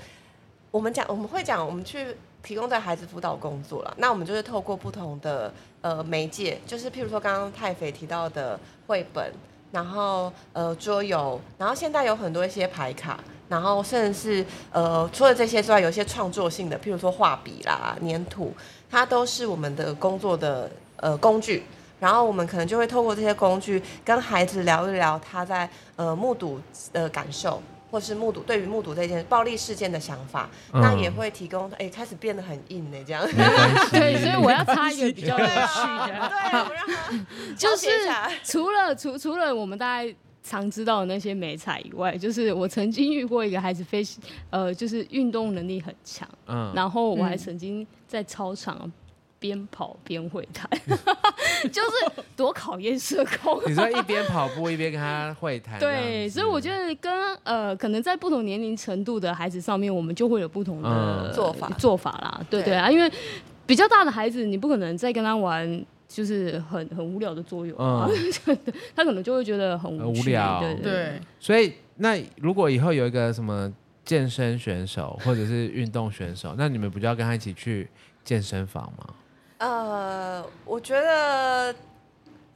Speaker 4: 我們講我們會講我們去。提供在孩子輔導工作了，那我們就是透過不同的呃媒介，就是譬如說剛剛太肥提到的繪本，然後呃桌遊，然後現在有很多一些牌卡，然後甚至是呃除了這些之外，有一些創作性的，譬如說畫筆啦、粘土，它都是我們的工作的呃工具。然後我們可能就會透過這些工具，跟孩子聊一聊他在呃目睹的感受。或是目睹對於目睹這件暴力事件的想法，那也會提供，哎、嗯欸，開始變得很硬呢、欸？這樣。 對，所以我要插一個比較有趣的。對、啊，對啊對啊
Speaker 3: 對啊、 就是 除了除除了我們大家常知道的那些美彩以外，就是我曾經遇過一個孩子非常呃，就是運動能力很強，嗯，然後我還曾經在操場。邊跑邊會談 就是多考驗社工、啊。你說一邊
Speaker 2: 跑步一邊跟他會談，對，
Speaker 3: 所以我覺得跟呃，可能在不同年齡程度的孩子上面，我們就會有不同的做法做法啦，嗯、對，對對啊，因為比較大的孩子，你不可能再跟他玩，就是很很無聊的作用、啊、嗯， 他可能就會覺得很無，很無聊，對對，對。
Speaker 2: 所以那如果以後有一個什麼健身選手或者是運動選手，那你們不就要跟他一起去健身房嗎？
Speaker 3: 呃、uh,，我覺得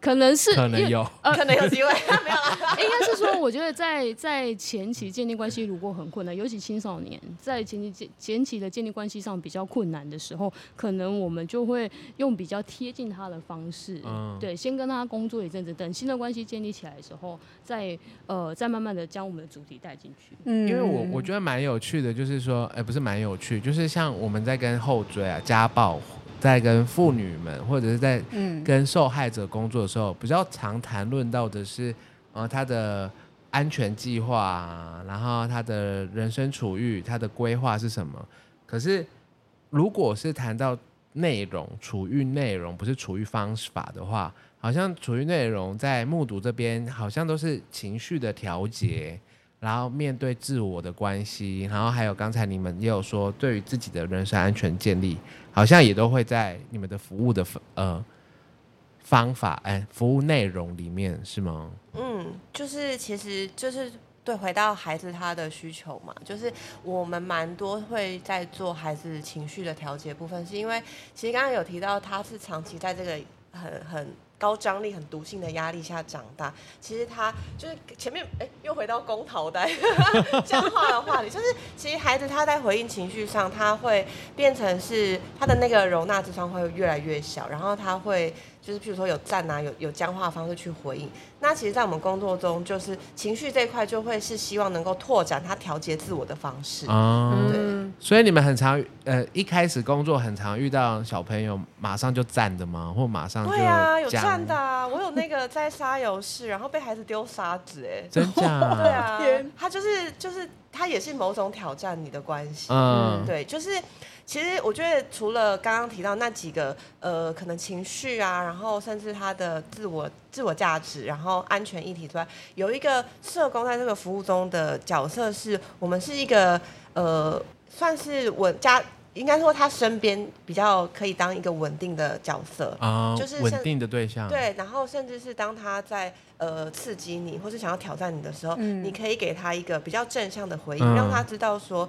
Speaker 3: 可能是
Speaker 2: 可能有，
Speaker 1: 呃，可
Speaker 3: 能有機會沒有，應該是說，我覺得在在前期建立關係如果很困難，尤其青少年在前期建前期的建立關係上比較困難的時候，可能我們就會用比較貼近他的方式，嗯，對，先跟他工作一陣子，等新的關係建立起來的時候，再呃，再慢慢的將我們的主題帶進去。
Speaker 1: 嗯，因為我我
Speaker 2: 覺得蠻有趣的，就是說，哎、欸，不是蠻有趣，就是像我們在跟後追啊，家暴。在跟婦女們、嗯，或者是在跟受害者工作的時候，嗯、比較常談論到的是，呃，他的安全計劃，然後他的人生處遇，他的規劃是什麼。可是，如果是談到內容，處遇內容，不是處遇方法的話，好像處遇內容在目睹這邊，好像都是情緒的調節。嗯然後面對自我的關係，然後還有剛才你們也有說，對於自己的人身安全建立，好像也都會在你們的服務的呃方法，哎，服務內容裡面是嗎？嗯，
Speaker 4: 就是其實就是對回到孩子他的需求嘛，就是我們蠻多會在做孩子情緒的調節部分，是因為其實剛剛有提到他是長期在這個很很。高張力、很毒性的壓力下長大，其實他就是前面哎、欸，又回到公桃的，講話的話，里 就是其實孩子他在回應情緒上，他會變成是他的那個容納之窗會越來越小，然後他會。就是譬如說有戰啊，有有僵化的方式去回應。那其實，在我們工作中，就是情緒這一塊，就會是希望能夠拓展他調節自我的方式啊、嗯。對。
Speaker 2: 所以你們很常呃，一開始工作很常遇到小朋友馬上就戰的嗎？或馬上就對啊，有戰的啊。
Speaker 4: 我有那個在沙遊室， 然後被孩子丟沙子，哎，真的 啊？對啊，他就是就是他也是某種挑戰你的關係。嗯，對，就是。其實我覺得，除了剛剛提到那幾個呃，可能情緒啊，然後甚至他的自我自我價值，然後安全議題之外，有一個社工在這個服務中的角色是，是我們是一個呃，算是我家，應該說他身邊比較可以當一個穩定的角色啊、哦，就是穩定的對象對，然後甚至是當他在呃刺激你，或是想要挑戰你的時候、嗯，你可以給他一個比較正向的回應，嗯、讓他知道說，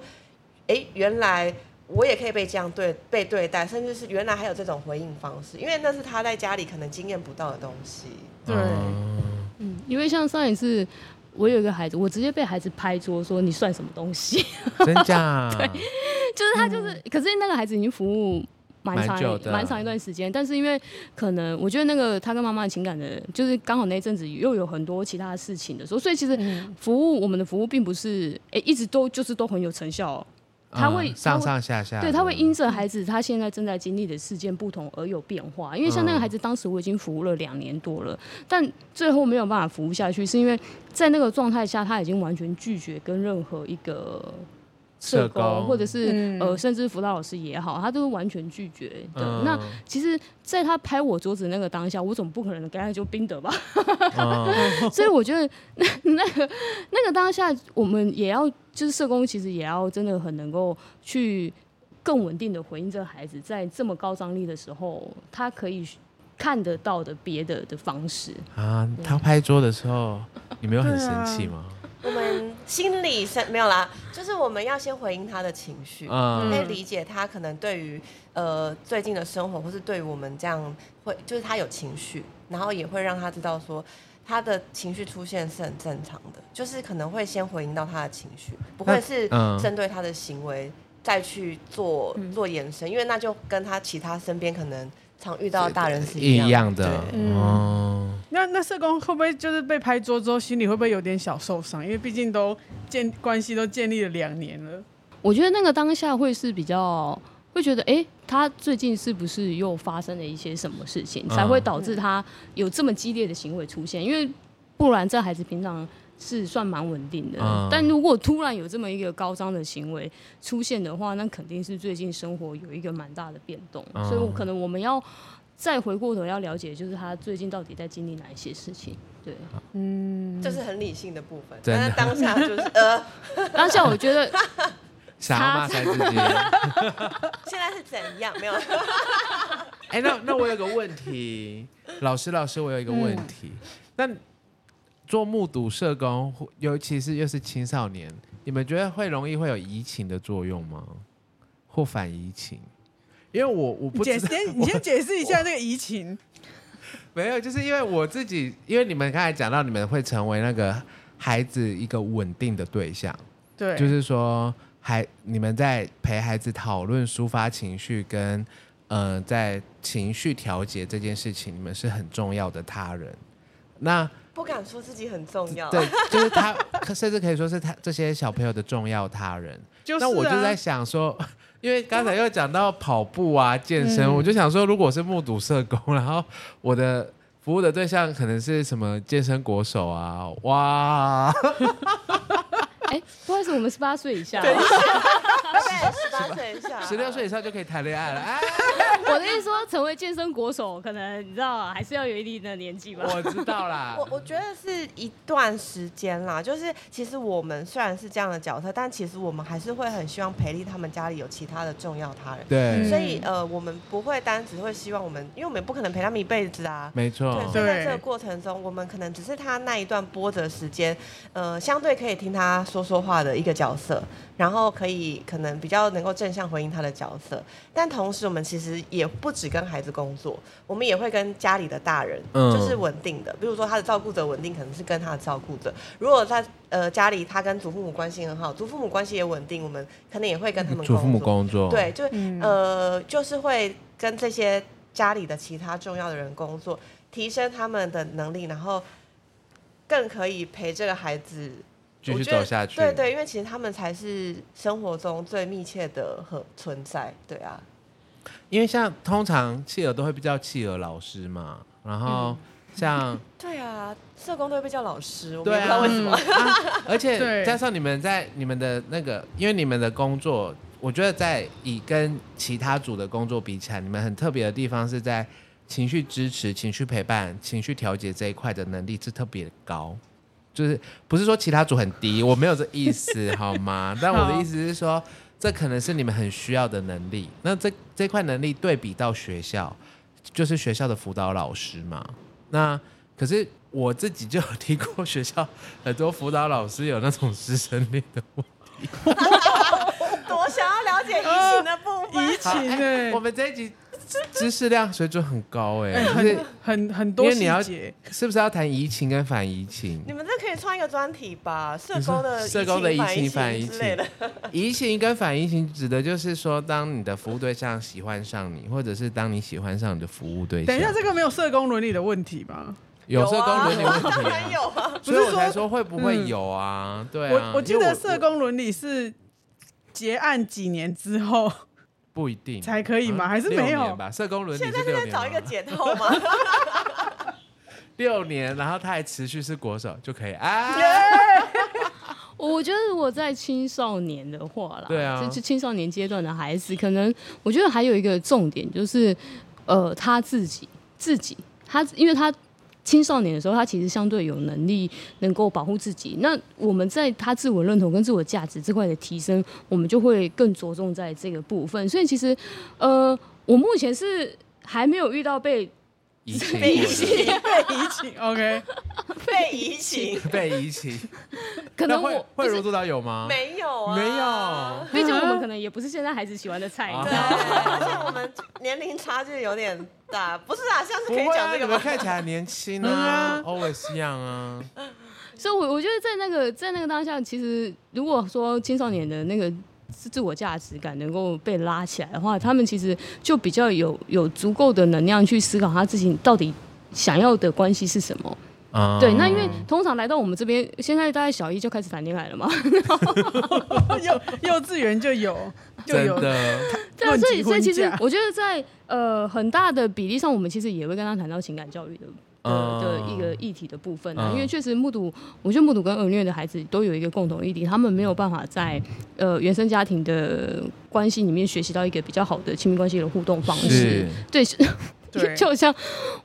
Speaker 4: 哎，原來。我也可以被這樣對被對待，甚至是原來還有這種回應方式，因為那是他在家裡可能經驗不到的東
Speaker 2: 西。
Speaker 1: 對
Speaker 3: 嗯，嗯，因為像上一次，我有一個孩子，我直接被孩子拍桌說：“你算什麼東西？”真假、啊 對？就是他就是，嗯、可是那個孩子，已經服務蠻長、蠻久的、蠻長一段時間，但是因為可能我覺得那個他跟媽媽的情感的，就是剛好那一陣子又有很多其他的事情的時候，所以其實服務、嗯、我們的服務並不是哎、欸、一直都就是都很有成效、哦。他會、嗯、上上下下，嗯、對，他會因着孩子他現在正在經歷的事件不同而有變化。因為像那個孩子，當時我已經服務了兩年多了、嗯，但最後沒有辦法服務下去，是因為在那個狀態下他已經完全拒絕跟任何一個，社工或者是、嗯、呃，甚至輔導老師也好，他都是完全拒絕的、嗯。那其實，在他拍我桌子那個當下，我總不可能跟他就冰德吧、 嗯。所以我覺得那那個那個當下，我們也要就是社工，其實也要真的很能夠去更穩定的回應這個孩子，在這麼高張力的時候，他可以看得到的別的的方式
Speaker 2: 啊。他拍桌的時候，你沒有很生氣嗎？
Speaker 3: 我
Speaker 1: 們
Speaker 4: 心裡是沒有啦，就是我們要先回應他的情緒，我們可以理解他可能對於呃最近的生活，或是對於我們這樣，會就是他有情緒，然後也會讓他知道說他的情緒出現是很正常的，就是可能會先回應到他的情緒，不會是針對他的行為再去做做延
Speaker 1: 伸，因為那就跟他其他身邊可能。常遇到的大人是一
Speaker 2: 樣的，
Speaker 1: 樣的嗯，那那社工會不會就是被拍桌之後，心裡會不會有點小受傷？因為畢竟都建關係都建立了兩年了。
Speaker 3: 我覺得那個當下會是比較會覺得，哎，他最近是不是又發生了一些什麼事情，嗯，才會導致他有這麼激烈的行為出現？因為不然這孩子平常。是算蠻穩定的、嗯，但如果突然有這麼一個高張的行為出現的話，那肯定是最近生活有一個蠻大的變動、嗯，所以可能我們要再回過頭要了解，就是他最近到底在經歷哪一些事情。對，嗯，這、就是很理性的部分，但當下
Speaker 4: 就是 呃，當下我覺得，
Speaker 3: 傻嘛才直接？ 現在
Speaker 4: 是怎樣？沒有？
Speaker 2: 哎、 欸，那那我有個問題，老師老師，我有一個問題，嗯、那。做目睹社工，尤其是又是青少年，你們覺得會容易會有移情的作用嗎？或反移情？因為我我不知道解，先你先解
Speaker 1: 釋一下這個移情。
Speaker 2: 沒有，就是因為我自己，因為你們剛才講到，你們會成為那個孩子一個穩定的對象。對，就是說，孩你們在陪孩子討論、抒發情緒，跟、呃、嗯，在情緒調節這件事情，你們是很重要的他人。那
Speaker 4: 不敢說自己很重要，對，就
Speaker 2: 是他，甚至可以說是他這些小朋友的重要他人。就是、啊，那我就在想說，因為剛才又講到跑步啊、健身，嗯、我就想說，如果是目睹社工，然後我的服務的對象可能是什麼健身國手啊，哇！
Speaker 3: 哎，不會是我們十八歲以下？對。等一下，十八歲以下，十六歲以上就可以
Speaker 2: 談戀愛了。哎，
Speaker 3: 我的意思說，成為健身國手，可能你知道，還是要有一定的年紀吧。我知道啦。我
Speaker 4: 我覺得是一段時間啦，就是其實我們雖然是這樣的角色，但其實我們還是會很希望培力他們家裡有其他的重要他人。對。所以呃，我們不會單只會希望我們，因為我們不可能陪他們一輩子啊。沒錯。對。所以在這個過程中，我們可能只是他那一段波折時間，呃，相對可以聽他說。多說話的一個角色，然後可以可能比較能夠正向回應他的角色，但同時我們其實也不止跟孩子工作，我們也會跟家裡的大人，嗯、就是穩定的，比如說他的照顧者穩定，可能是跟他的照顧者。如果他呃家裡他跟祖父母關係很好，祖父母關係也穩定，我們可能也會跟他們祖父母工作，對，就呃就是會跟這些家裡的其他重要的人工作，提升他們的能力，然後更可以陪這個孩子。
Speaker 2: 繼續走下去，對對，
Speaker 4: 因為其實他們才是生活中最密切的和存在，對啊。
Speaker 2: 因為像通常企鵝都會被叫企鵝老師嘛，然後像、嗯、
Speaker 4: 對啊，社工都會被叫老師，我不知道為什麼。啊嗯啊、 而且加上
Speaker 2: 你們在你們的那個，因為你們的工作，我覺得在以跟其他組的工作比起來，你們很特別的地方是在情緒支持、情緒陪伴、情緒調節這一塊的能力是特別高。就是不是說其他組很低，我沒有這意思， 好嗎？但我的意思是說，這可能是你們很需要的能力。那這這塊能力對比到學校，就是學校的輔導老師嘛。那，可是我自己就有提過學校很多輔導老師有那種師生戀的問題。
Speaker 1: 多想要了解疫情的部分，疫情對、欸、我們這一集。
Speaker 2: 知識量水準很高哎、欸欸就是，很很
Speaker 1: 因為很多細節你要
Speaker 2: 是不是要談移情跟反移情？
Speaker 4: 你們這可以創一個專題吧，社工的社工
Speaker 2: 的移情反移情，移情，情跟反移情指的就是說，當你的服務對象喜歡上你，或者是當你喜歡上你的服務對象。等一
Speaker 1: 下，這個沒有社工倫理的問題吧？有，
Speaker 2: 有、啊、社工倫理的問題、啊，當然有啊。 不
Speaker 1: 是說，所以我才說會不會有
Speaker 2: 啊？嗯、對啊我，我記得社
Speaker 1: 工倫理是結案幾年之後。不一定才可以嗎？嗯、還是沒有吧？社
Speaker 2: 工倫理是六年，現在在找一個解套嗎？ 六年，然後他還持續是國手就可以啊。Yeah!
Speaker 3: 我覺得我在青少年的話啦，對啊，就是青少年階段的孩子，可能我覺得還有一個重點就是，呃，他自己自己他，因為他。青少年的時候，他其實相對有能力能夠保護自己。那我們在他自我認同跟自我價值這塊的提升，我們就會更着重在這個部分。所以其實，呃，我目前是還沒有遇到被。情
Speaker 2: 被遺棄，被遺棄，OK，被移情，被遺棄。可能 會會惠茹督導有嗎？
Speaker 3: 沒有啊，沒有。畢 竟我們可能也不是現在孩子喜歡的菜，啊、對， 而且我們年齡差距有點大。不是啊，像是。可以講這個。啊、你們看起來
Speaker 2: 年輕啊，Always 一樣啊。
Speaker 3: 所、so, 以，我我覺得在那個在那個當下，其實如果說青少年的那個。是自我價值感能夠被拉起來的話，他們其實就比較有有足夠的能量去思考他自己到底想要的關係是什麼？啊、uh...，對，那因為通常來到我們這邊，現在大概小一就開始談戀愛了嘛，
Speaker 1: 幼 幼稚園就有，就有的。
Speaker 3: 對啊，所以所以其實我覺得在呃很大的比例上，我們其實也會跟他談到情感教育的。呃、uh...，的一個議題的部分、啊，uh... 因為確實目睹，我覺得目睹跟兒虐的孩子都有一個共同的議題，他們沒有辦法在呃原生家庭的關係裡面學習到一個比較好的親密關係的互動方式對。對，就像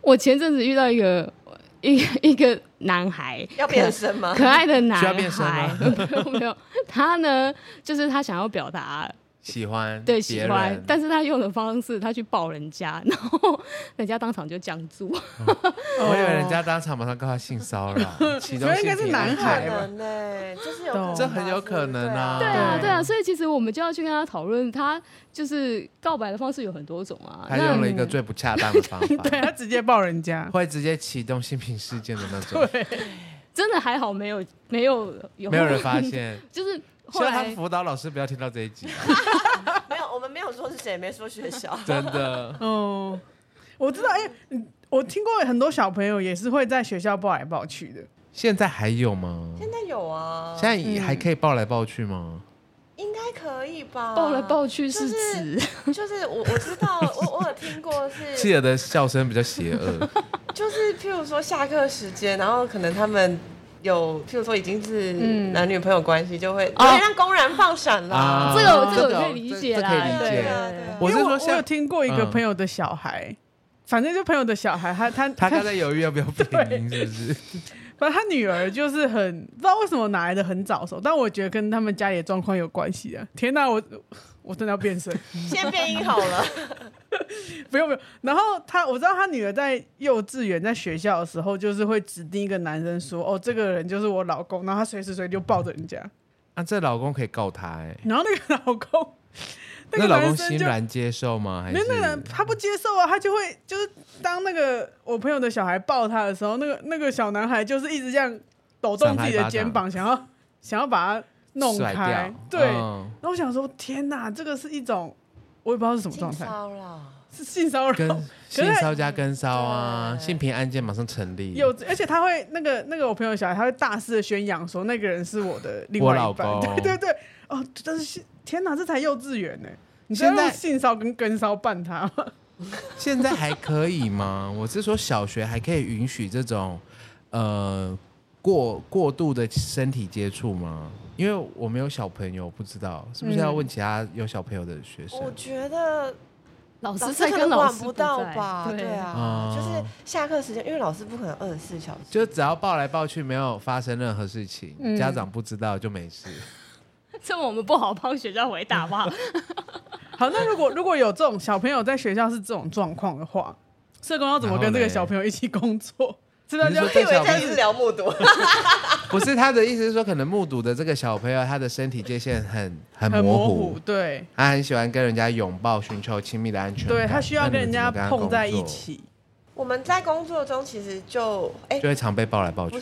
Speaker 3: 我前陣子遇到一個一個一,一個男孩，要變身嗎？可，可愛的男孩， 有沒有，他呢，就是他想要表達。
Speaker 2: 喜歡對喜歡，
Speaker 3: 但是他用的方式，他去抱人家，然後人家當場就僵住、哦哦。我以為人家
Speaker 2: 當場馬上告他性騷擾， 啟動所以應該是男孩呢，就 是有這很有可能啊。對啊，對啊對，
Speaker 3: 對啊，所以其實我們就要去跟他討論他，他就是告白的方式有很多種啊。他用了一個最不恰
Speaker 2: 當的方法， 對他直接抱人家，會直接啟動性侵事件的那種。
Speaker 3: 對，真的還好沒，沒有沒有有，沒有人發現， 就是。希望他輔
Speaker 2: 導老師不要聽到這一集、
Speaker 3: 啊。 沒有，
Speaker 4: 我們沒有說是誰，沒說學
Speaker 1: 校。 真的，哦、oh,，我知道，哎、欸，我聽過很多小朋友也是會在學校抱來抱去的。
Speaker 2: 現在還有嗎？現在有啊。現在還可以抱來抱去嗎？嗯、
Speaker 4: 應該可以吧。抱來抱去是指,、就是，就是我我知道，我我有聽過是。企
Speaker 2: 鵝的笑聲比較邪惡。
Speaker 4: 就是譬如說下課時間，然後可能他們。有，譬如說已經是男女朋友關係，嗯、就會有點像公然放閃
Speaker 1: 了。啊、這個這個我就、這個、這這可以理解啦，對,、啊對,啊對啊、我是說，我有聽過一個朋友的小孩，嗯、反正就朋友的小孩，他他他,他在猶豫要不要變音，是不是？反正他女兒就是很不知道為什麼哪來的很早熟， 但我覺得跟他們家裡的狀況有關係啊。天哪，我我真的要變身，先變音好了。 不用不用，然後他我知道他女兒在幼稚園在學校的時候，就是會指定一個男生說：“哦，這個人就是我老公。”然後他隨時隨地就抱着人家。
Speaker 2: 啊，這老公可以告他、欸。
Speaker 1: 然後那個老公、那個男生就，那老公欣然
Speaker 2: 接受嗎？
Speaker 1: 還是沒，那個人他不接受啊，他就會就是當那個我朋友的小孩抱他的時候，那個那個小男孩就是一直這樣抖動自己的肩膀，想要想要把他弄開。嗯、對。然後我想說，天哪，這個是一種我也不知道是什麼狀態。是
Speaker 2: 性騷擾，性騷加跟騷啊，對對對，性平案件馬上成立。有，
Speaker 1: 而且他會那個那個我朋友小孩，他會大肆的宣揚說那個人是我的另外一半，對對對，哦，這是，天哪，這才幼稚園呢！你現在性騷跟跟騷辦他嗎？
Speaker 2: 現在還可以嗎？我是說小學還可以允許這種呃過過度的身體接觸嗎？因為我沒有小朋友，不知道是不是要問其他有小朋友的學生？嗯，
Speaker 4: 我覺得。老師可能管不到吧，對啊、哦，就是下課時間，因為老師不可能二
Speaker 3: 十四小
Speaker 2: 時。就只要抱來抱去，沒有發生任何事情、嗯，家長不知道就沒事。
Speaker 3: 這、嗯、我們不好幫學校回答吧？
Speaker 1: 好，那如果如果有這種小朋友在學校是這種狀況的話，社工要怎麼跟這個小朋友一起工作？真的， 你是，是？我以為他一治療目睹。
Speaker 2: 不是，他的意思是說，可能目睹的這個小朋友，他的身體界限很很模、很模糊，對，他很喜歡跟人家擁抱，尋求親密的安全，對，他需要跟人家碰在一起。
Speaker 4: 我們在工作中其實就哎、欸，就會
Speaker 2: 常被抱來抱去，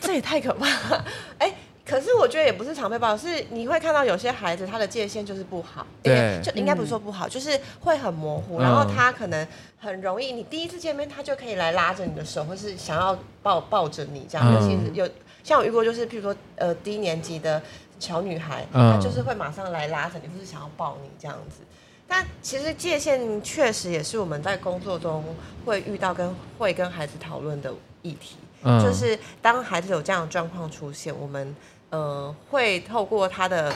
Speaker 4: 這也太可怕了。哎、欸，可是我覺得也不是常被抱，是你會看到有些孩子他的界限就是不好，對，欸，就應該不是說不好、嗯，就是會很模糊，然後他可能很容易，你第一次見面他就可以來拉着你的手，或是想要抱抱着你這樣，的、嗯、其實有。像我遇過，就是比如說，呃，低年級的小女孩，她、嗯啊、就是會馬上來拉着你，或、就是想要抱你這樣子。但其實界限確實也是我們在工作中會遇到，跟，跟會跟孩子討論的議題、嗯。就是當孩子有這樣的狀況出現，我們呃會透過他的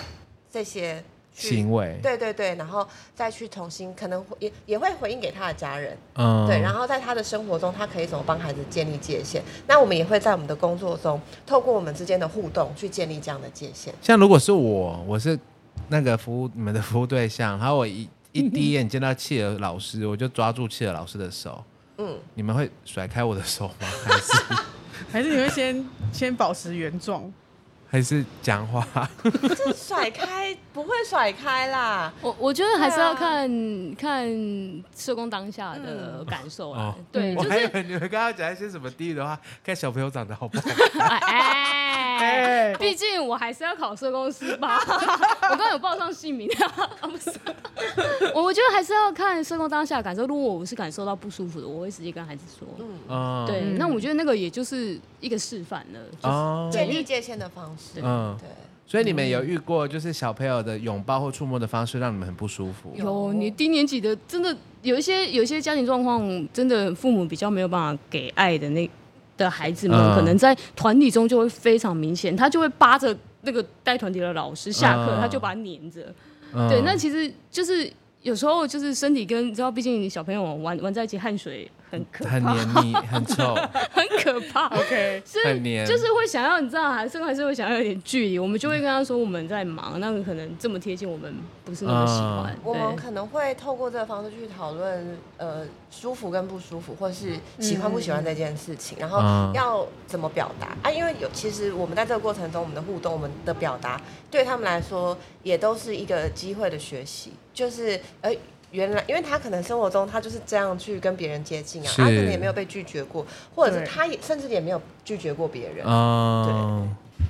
Speaker 4: 這些。
Speaker 2: 行為對
Speaker 4: 對對，然後再去重新，可能也也會回應給他的家人。嗯，對，然後在他的生活中，他可以怎麼幫孩子建立界限？那我們也會在我們的工作中，透過我們之間的互動去建立這樣的界限。像
Speaker 2: 如果是我，我是那個服務你們的服務對象，然後我一一第一眼見到企鵝老師，嗯，我就抓住企鵝老師的手，嗯，你們會甩開我的手嗎？還是
Speaker 1: 還是你會先先保持原狀？
Speaker 2: 還是講話，這
Speaker 3: 甩開 不會甩開啦。
Speaker 1: 我我覺得還是要看、
Speaker 3: 啊、看社工當下的感受啊、嗯哦。對，我還以
Speaker 2: 為你們剛剛講一些什麼地獄的話，看小朋友長得好不好
Speaker 3: 哎。哎，畢竟我還是要考社工師吧。 我剛剛有報上姓名啊，不是。我 我覺得還是要看社工當下的感受。如果我是感受到不舒服的，我會直接跟孩子說。嗯，對。嗯、那我覺得那個也就是一個示範了，建、就、立、是嗯、界限的方法。嗯，對，
Speaker 2: 所以你們有遇過就是小朋友的擁抱或觸摸的方式讓你們很不舒服？
Speaker 3: 有，你低年級的真的有一些，有一些家庭狀況真的父母比較沒有辦法給愛的那的孩子們，嗯，可能在團體中就會非常明顯，他就會扒着那個帶團體的老師下課，嗯，他就把他黏着、嗯。對，那其實就是有時候就是身體跟，你知道，畢竟小朋友玩玩在一起，汗水。很可怕，
Speaker 2: 很黏膩，很臭，
Speaker 3: 很可怕。OK，所以就是會想要，你知道還是還是會想要有點距離？我們就會跟他說我們在忙，嗯、那個可能這麼貼近我們不是那麼喜歡、嗯。我們可
Speaker 4: 能會透過這個方式去討論，呃，舒服跟不舒服，或是喜歡不喜歡這件事情，嗯、然後要怎麼表達啊？因為有其實我們在這個過程中，我們的互動，我們的表達，對他們來說也都是一個機會的學習，就是原來，因為他可能生活中他就是這樣去跟別人接近啊，他可能也沒有被拒絕過，或者是他也
Speaker 1: 甚至也沒有拒絕過別人啊。啊、哦，
Speaker 2: 對，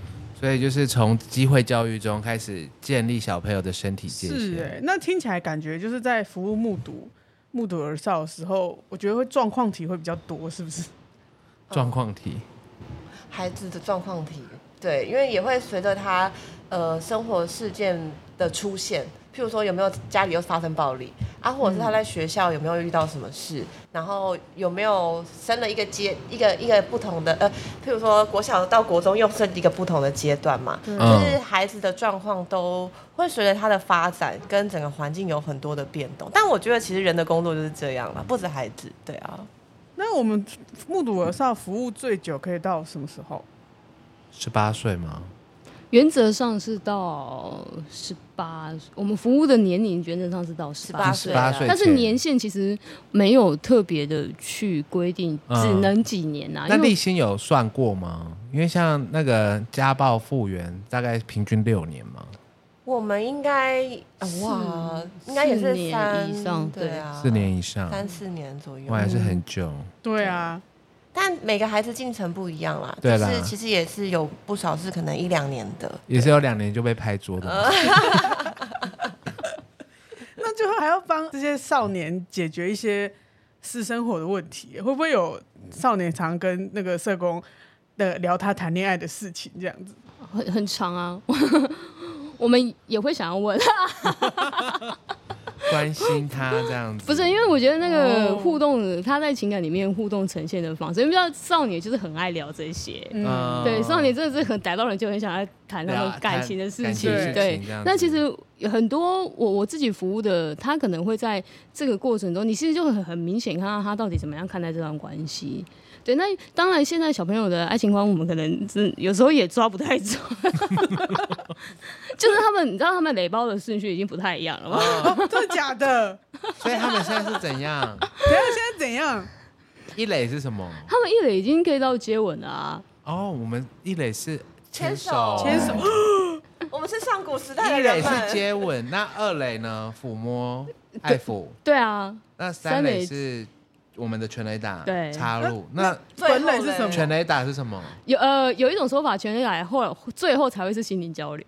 Speaker 2: 所以就是從機會教育中開始建立小朋友的身體界限。
Speaker 1: 是、欸、那聽起來感覺就是在服務目睹目睹兒少的時候，我覺得會狀況題會比較多，是不是？
Speaker 2: 狀況題、
Speaker 4: 嗯、孩子的狀況題對，因為也會隨着他呃生活事件的出現，譬如說有沒有家裡又發生暴力啊，或者是他在學校有沒有遇到什麼事，嗯、然後有沒有生了一個階一個一個不同的呃，譬如說國小到國中又生一個不同的階段嘛、嗯，就是孩子的狀況都會隨着他的發展跟整個環境有很多的變動。但我覺得其實人的工作就是這樣了，不止孩子，對啊。
Speaker 1: 那我們目睹兒少服務最久可以到什麼時候？
Speaker 2: 十八歲嗎？
Speaker 1: 原則上是
Speaker 3: 到十八，我們服務的年齡原則上是到十八歲，但是年限其實沒有特別的去規定、嗯，只能幾年啊。那勵
Speaker 2: 馨有算過嗎？因為像那個家暴復原、嗯，大概平均六年嗎？
Speaker 4: 我們應該、啊、哇，應該也是四年以上對啊，對啊，四年以上，三四年左右，哇、嗯，還是很久。對啊。但每個孩子進程不一樣啦，對啦，就是其實也是有不少是可能一兩年的，
Speaker 2: 也是有兩年就被拍桌的。
Speaker 1: 那最後還要幫這些少年解決一些私生活的問題，會不會有少年常跟那個社工的聊他談戀愛的事情這樣子？很很常啊， 我們也會想要問。
Speaker 2: 關心他這樣
Speaker 3: 子，不是因為我覺得那個互動，oh. 他在情感裡面互動呈現的方式，因為你知道少女就是很愛聊這些，oh. 嗯，對，少女真的是很逮到人就很想要談那種感情的事情。oh. 對，他感情事情這樣子，對。那其實很多我我自己服務的，他可能會在這個過程中，你其實就很很明顯看到他到底怎麼樣看待這段關係。對，那當然，現在小朋友的愛情觀，我們可能是有時候也抓不太住， 就是他們，你知道他們壘包的順序已經不太一樣了嗎？真、哦、的、哦、假的？ 所以他
Speaker 2: 們現在是怎樣？
Speaker 3: 他們現在怎樣？
Speaker 2: 一壘是什麼？
Speaker 3: 他們一壘已經可以到接吻了
Speaker 2: 啊！哦，我們一壘是牽手，牽手。
Speaker 3: 手 我們是上古時代人。一壘是接
Speaker 2: 吻，那二壘呢？撫摸、愛撫。
Speaker 4: 對啊。
Speaker 3: 那三壘是？
Speaker 2: 我們的全壘打插入。對，那
Speaker 1: 本壘是什
Speaker 3: 麼？全
Speaker 2: 壘打是什麼？
Speaker 3: 有呃，有一種說法，全壘打後最後才會是心靈交流、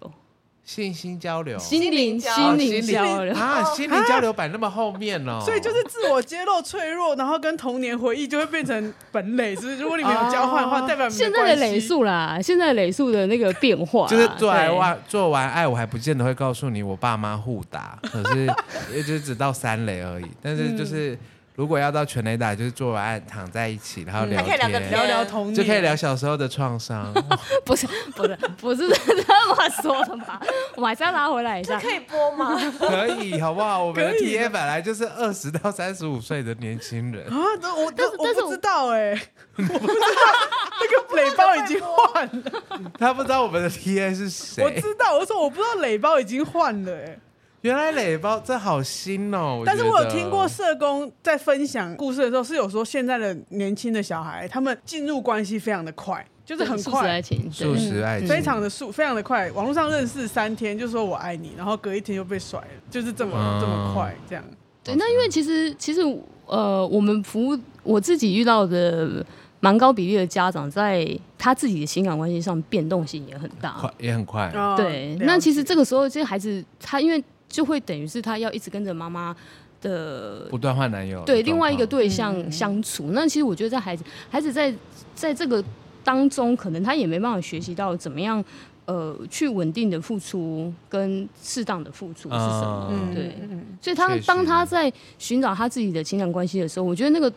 Speaker 3: 信心交流，
Speaker 2: 心靈心靈交流、靈靈交流啊。啊，心靈交流擺那麼後面哦、喔，所
Speaker 1: 以就是自我揭露脆弱，然後跟童年回憶就會變成本壘。所以如果你沒有交換的話，啊、代表沒現在的壘數
Speaker 3: 啦，現在壘數的那個變化，就是做
Speaker 2: 完做完愛我還不見得會告訴你我爸媽互打，可是 也就是只到三壘而已，但是就是。嗯如果要到全雷達，就是做完躺在一起，然後聊、嗯，還可以聊個聊聊就可以聊小時候的創傷、嗯。不是
Speaker 3: 不是不是 這麼說的嘛，我還是要拉回來一下，嗯、可以播嗎？
Speaker 2: 可以，好不好？我們的 TA 本來就是二十到三十五歲的年輕人
Speaker 1: 啊，都我但是但是我我不知道哎，我不知道,、欸、 不知道 那個雷包已經換
Speaker 2: 了他，他不知道我們的 TA 是誰。 我
Speaker 1: 知道，我說我不知道雷包已經換了哎、欸。
Speaker 2: 原來磊包這好新哦！但是我有聽過
Speaker 1: 社工在分享故事的時候，是有說現在的年輕的小孩，他們進入關係非常的快，就是很快，速食愛情，速食愛情，嗯、非常的速，非常的快。網絡上認識三天，就說“我愛你”，然後隔一天又被甩了，就是這麼、嗯、這麼快，這樣。對，那因為
Speaker 3: 其實其實呃，我們服務我自己遇到的蠻高比例的家長，在他自己的情感關係上變動性也很大，快也很快。對、哦，那其實這個時候這個孩子，他因為。就會等於是他要一直跟着媽媽的
Speaker 2: 不斷換男友對，對另外
Speaker 3: 一個對象相處。嗯、那其實我覺得在孩子孩子在在這個當中，可能他也沒辦法學習到怎麼樣呃去穩定的付出跟適當的付出是什麼。嗯、對、嗯，所以他當他在尋找他自己的情感關係的時候，我覺得那個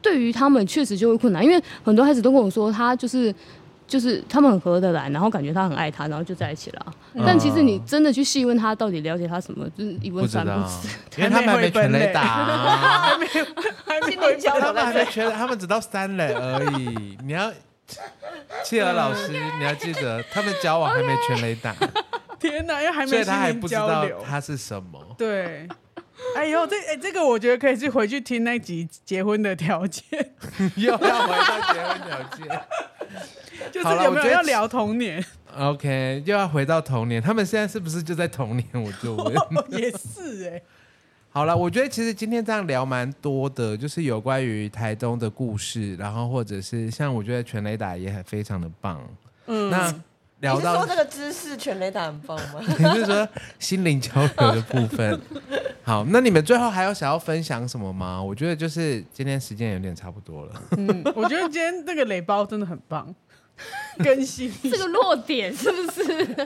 Speaker 3: 對於他們確實就會困難，因為很多孩子都跟我說他就是。就是他們很合得來，然後感覺他很愛他，然後就在一起了。嗯、但其實你真的去細問他，到底了解他什麼，就是一問三不知。
Speaker 2: 因為他們還沒全壘打。還
Speaker 1: 沒有，還沒全。他們還沒
Speaker 2: 全，他們只到三壘而已。 你要，
Speaker 1: 契爾老師、okay，
Speaker 2: 你要記得，他們交往還沒全壘打。
Speaker 1: Okay、 天哪，因為還沒，所以他還不知道
Speaker 2: 他是什麼。
Speaker 1: 對。哎呦，這哎、欸，這個我覺得可以去回去聽那集結婚的條件，
Speaker 2: 又要回到結婚條件。 好了，有沒有要聊童年 ？OK，又要回到童年。他們現在是不是就在童年？我就也是哎、欸。好了，我覺得其實今天這樣聊蠻多的，就是有關於台東的故事，然後或者是像我覺得全壘打也很非常的棒。嗯，那聊到你
Speaker 4: 說這個姿勢，全壘打很棒
Speaker 2: 嗎？ 你是說心靈交流的部分
Speaker 1: 好？
Speaker 2: 好，那你們最後還有想要分享什麼嗎？我覺得就是今天時間有點差不多
Speaker 1: 了。嗯，我覺得今天那個雷包真的很棒。 更新這 個弱點是不是？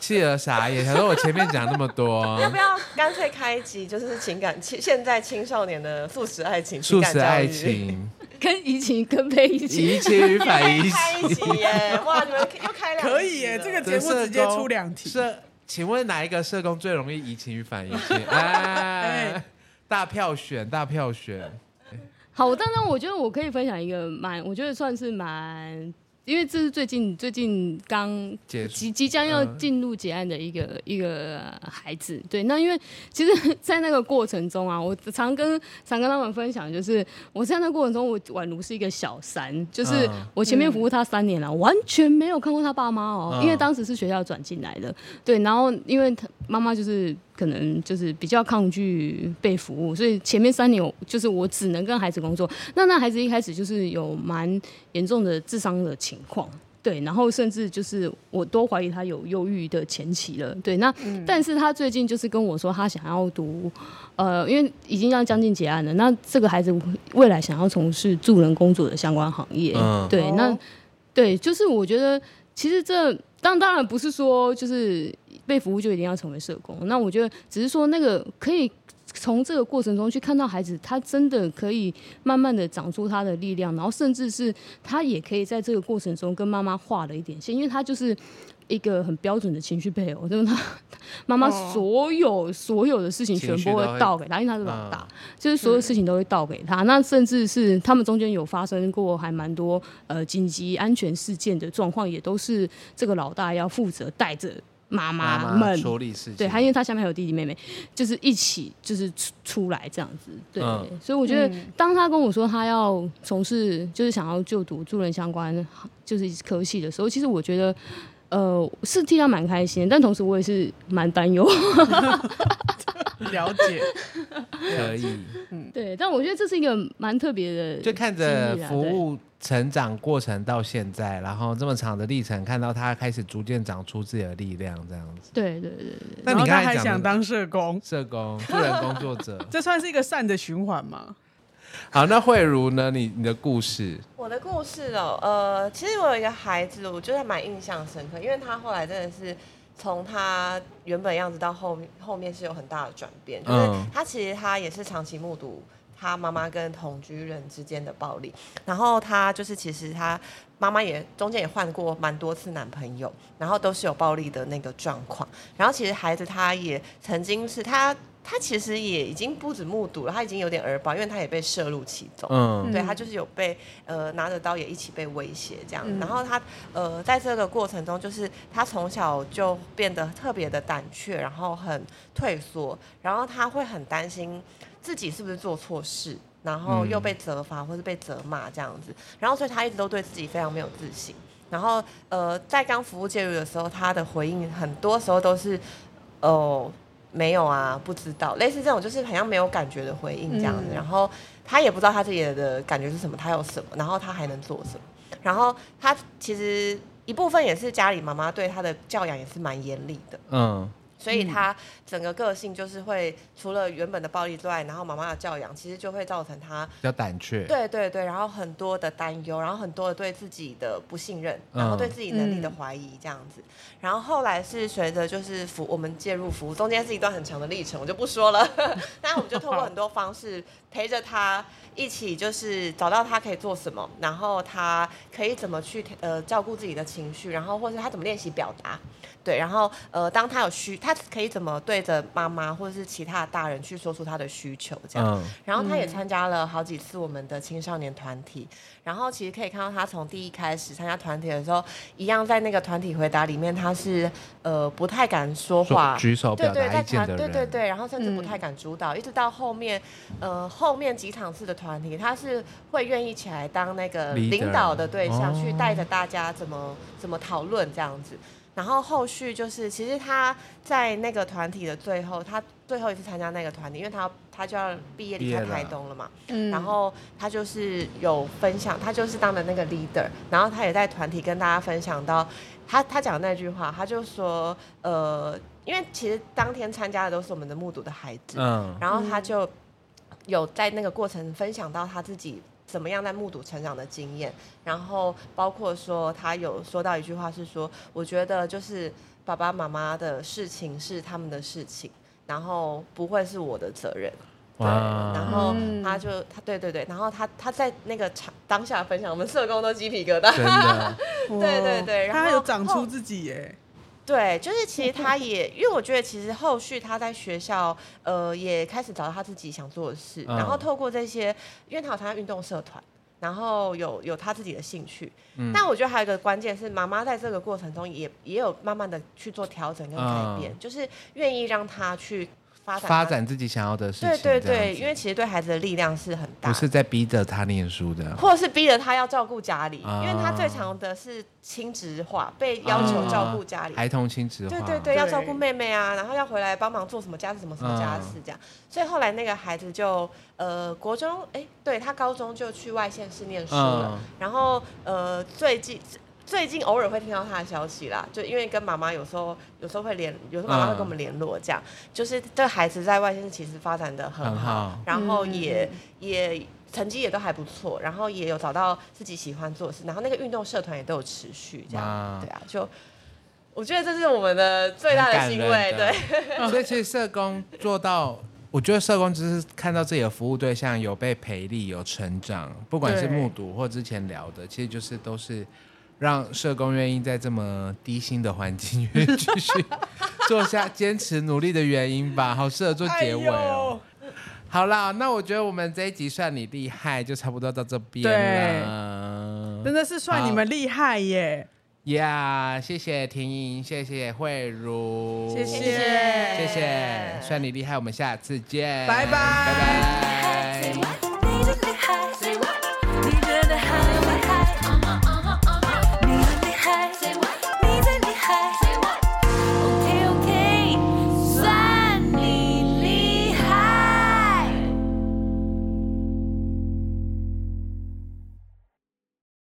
Speaker 2: 氣 得傻眼。想說：“我前面講那麼多， 要不
Speaker 4: 要乾脆開一集？就是情感，現現在青少年的素食愛情、素食愛情，跟移情跟背移情，移情與反移情。” 開一集耶！哇，你們又開兩集了，可以耶！這個節目直接出兩題社。
Speaker 2: 社，請問哪一個社工最容易移情與反移情？ 哎，哎，哎，哎，哎， 大票選，大票選。
Speaker 3: 好，我剛我覺得我可以分享一個蠻，我覺得算是蠻。因為這是最近最近剛即結即將要進入結案的一個、嗯、一個孩子，對，那因為其實，在那個過程中啊，我常跟常跟他們分享，就是我在那個過程中我，我宛如是一個小三，就是我前面服務他三年了，嗯、完全沒有看過他爸媽哦、喔嗯，因為當時是學校轉進來的，對，然後因為他媽媽就是。可能就是比較抗拒被服務，所以前面三年就是我只能跟孩子工作。那那孩子一開始就是有蠻嚴重的智商的情況，對，然後甚至就是我都懷疑他有憂鬱的前期了，對。那、嗯、但是他最近就是跟我說，他想要讀，呃，因為已經要將近結案了。那這個孩子未來想要從事助人工作的相關行業，嗯、對。那對，就是我覺得其實這，當當然不是說就是。被服務就一定要成為社工，那我覺得只是說那個可以從這個過程中去看到孩子，他真的可以慢慢的長出他的力量，然後甚至是他也可以在這個過程中跟媽媽畫了一點線，因為他就是一個很標準的情緒配偶，就是他媽媽所有所有的事情全部會倒給他，因為他是老大，就是所有事情都會倒給他。那甚至是他們中間有發生過還蠻多呃緊急安全事件的狀況，也都是這個老大要負責帶着。媽媽們，媽媽對，他因為他下面還有弟弟妹妹，就是一起就是出出來這樣子，對，對，對、嗯，所以我覺得當他跟我說他要從事就是想要就讀助人相關就是科系的時候，其實我覺得呃是替他蠻開心，但同時我也是蠻擔憂。
Speaker 1: 了解，可以，嗯，
Speaker 3: 對，但我覺得這是一個蠻特別的，就看着服務。
Speaker 2: 成長過程到現在，然後這麼長的歷程，看到他開始逐漸長出自己的力量，這樣
Speaker 1: 子。對對對對。那你看，還想
Speaker 2: 當社工，社工、助人工作
Speaker 1: 者， 這算是一個善的循環嗎？
Speaker 2: 好，那惠茹呢？你你的故事？
Speaker 1: 我的故事哦，
Speaker 4: 呃，其實我有一個孩子，我覺得還蠻印象深刻，因為他後來真的是從他原本樣子到後後面是有很大的轉變，嗯，就是他其實他也是長期目睹。他媽媽跟同居人之間的暴力，然後他就是其實他媽媽也中間也換過蠻多次男朋友，然後都是有暴力的那個狀況。然後其實孩子他也曾經是他，他其實也已經不止目睹了，他已經有點兒暴，因為他也被攝入其中。嗯，對他就是有被呃拿着刀也一起被威脅這樣。嗯，然後他呃在這個過程中，就是他從小就變得特別的膽怯，然後很退縮，然後他會很擔心自己是不是做錯事，然後又被責罰或者被責罵這樣子，然後所以他一直都對自己非常沒有自信。然後呃，在剛服務介入的時候，他的回應很多時候都是，哦、呃，沒有啊，不知道，類似這種就是好像沒有感覺的回應這樣子，嗯。然後他也不知道他自己的感覺是什麼，他有什麼，然後他還能做什麼。然後他其實一部分也是家裡媽媽對他的教養也是蠻嚴厲的，嗯。所以他整個個性就是會除了原本的暴力之外，然後媽媽的教養其實就會造成他
Speaker 2: 比較膽怯。對
Speaker 4: 對對，然後很多的擔憂，然後很多的對自己的不信任，然後對自己能力的懷疑這樣子。然後後來是隨着就是服我們介入服務，中間是一段很長的歷程，我就不說了。 那我們就透過很多方式陪着他一起，就是找到他可以做什麼，然後他可以怎麼去呃照顧自己的情緒，然後或是他怎麼練習表達。對，然後呃，當他有需，他可以怎麼對着媽媽或者是其他大人去說出他的需求這樣、嗯。然後他也參加了好幾次我們的青少年團體。然後其實可以看到他從第一開始參加團體的時候，一樣在那個團體回答裡面，他是呃不太敢說話，舉手表達意見的人。對對，對對對然、嗯，然後甚至不太敢主導，一直到後面呃後面幾場次的團體，他是會願意起來當那個領導的對象，Leader, 去帶着大家怎麼、哦、怎麼討論這樣子。然後後續就是，其實他在那個團體的最後，他最後一次參加那個團體，因為他他就要畢業離開台東了嘛了。嗯。然後他就是有分享，他就是當的那個 leader，然後他也在團體跟大家分享到，他他講那句話，他就說，呃，因為其實當天參加的都是我們的目睹的孩子，嗯。然後他就有在那個過程分享到他自己。怎麼樣在目睹成長的經驗？然後包括說他有說到一句話是說，我覺得就是爸爸媽媽的事情是他們的事情，然後不會是我的責任。
Speaker 2: 對，然後
Speaker 4: 他就他對對對，然後他他在那個場當下分享，我們社工都雞皮疙瘩。真的？ 對對對，然後他還有長出自己耶。對，就是其實他也，因為我覺得其實後續他在學校，呃，也開始找到他自己想做的事，嗯、然後透過這些，因為他有參加運動社團，然後有有他自己的興趣，嗯。但我覺得還有一個關鍵是，媽媽在這個過程中也也有慢慢的去做調整跟改變，嗯、就是願意讓他去。發展,啊、發展
Speaker 2: 自己想要的事情，對對對，因
Speaker 4: 為其實對孩子的力量是很大
Speaker 2: 的，不是在逼着他念書的，或
Speaker 4: 者是逼着他要照顧家裡、啊，因為他最常的是親職化，被要求照顧家裡，啊、孩童親職化，對對對，對要照顧妹妹啊，然後要回來幫忙做什麼家事，什麼什麼家事這樣，啊、所以後來那個孩子就呃，國中、欸、對他高中就去外縣市念書了，啊、然後呃，最近。最近偶爾會聽到他的消息啦，就因為跟媽媽有時候有時候會聯，有時候媽媽會跟我們聯絡，這樣、嗯、就是這孩子在外面其實發展的很，很好，然後也、嗯、也成績也都還不錯，然後也有找到自己喜歡做的事，然後那個運動社團也都有持續這
Speaker 2: 樣、嗯，對啊，
Speaker 4: 就我覺得這是我們的最大的欣慰，對。
Speaker 2: 所以其實社工做到，我覺得社工只是看到自己的服務對象有被培力、有成長，不管是目睹或之前聊的，其實就是都是。讓社工願意在這麼低薪的環境，願意繼續做下堅持努力的原因吧，好適合做結尾、哦哎、好了，那我覺得我們這一集算你厲害，就差不多到這邊了。對，真的是算你們厲害耶！呀，yeah, 謝謝亭瑩，謝謝惠茹，謝謝謝謝，算你厲害，我們下次見，拜拜拜拜。Bye bye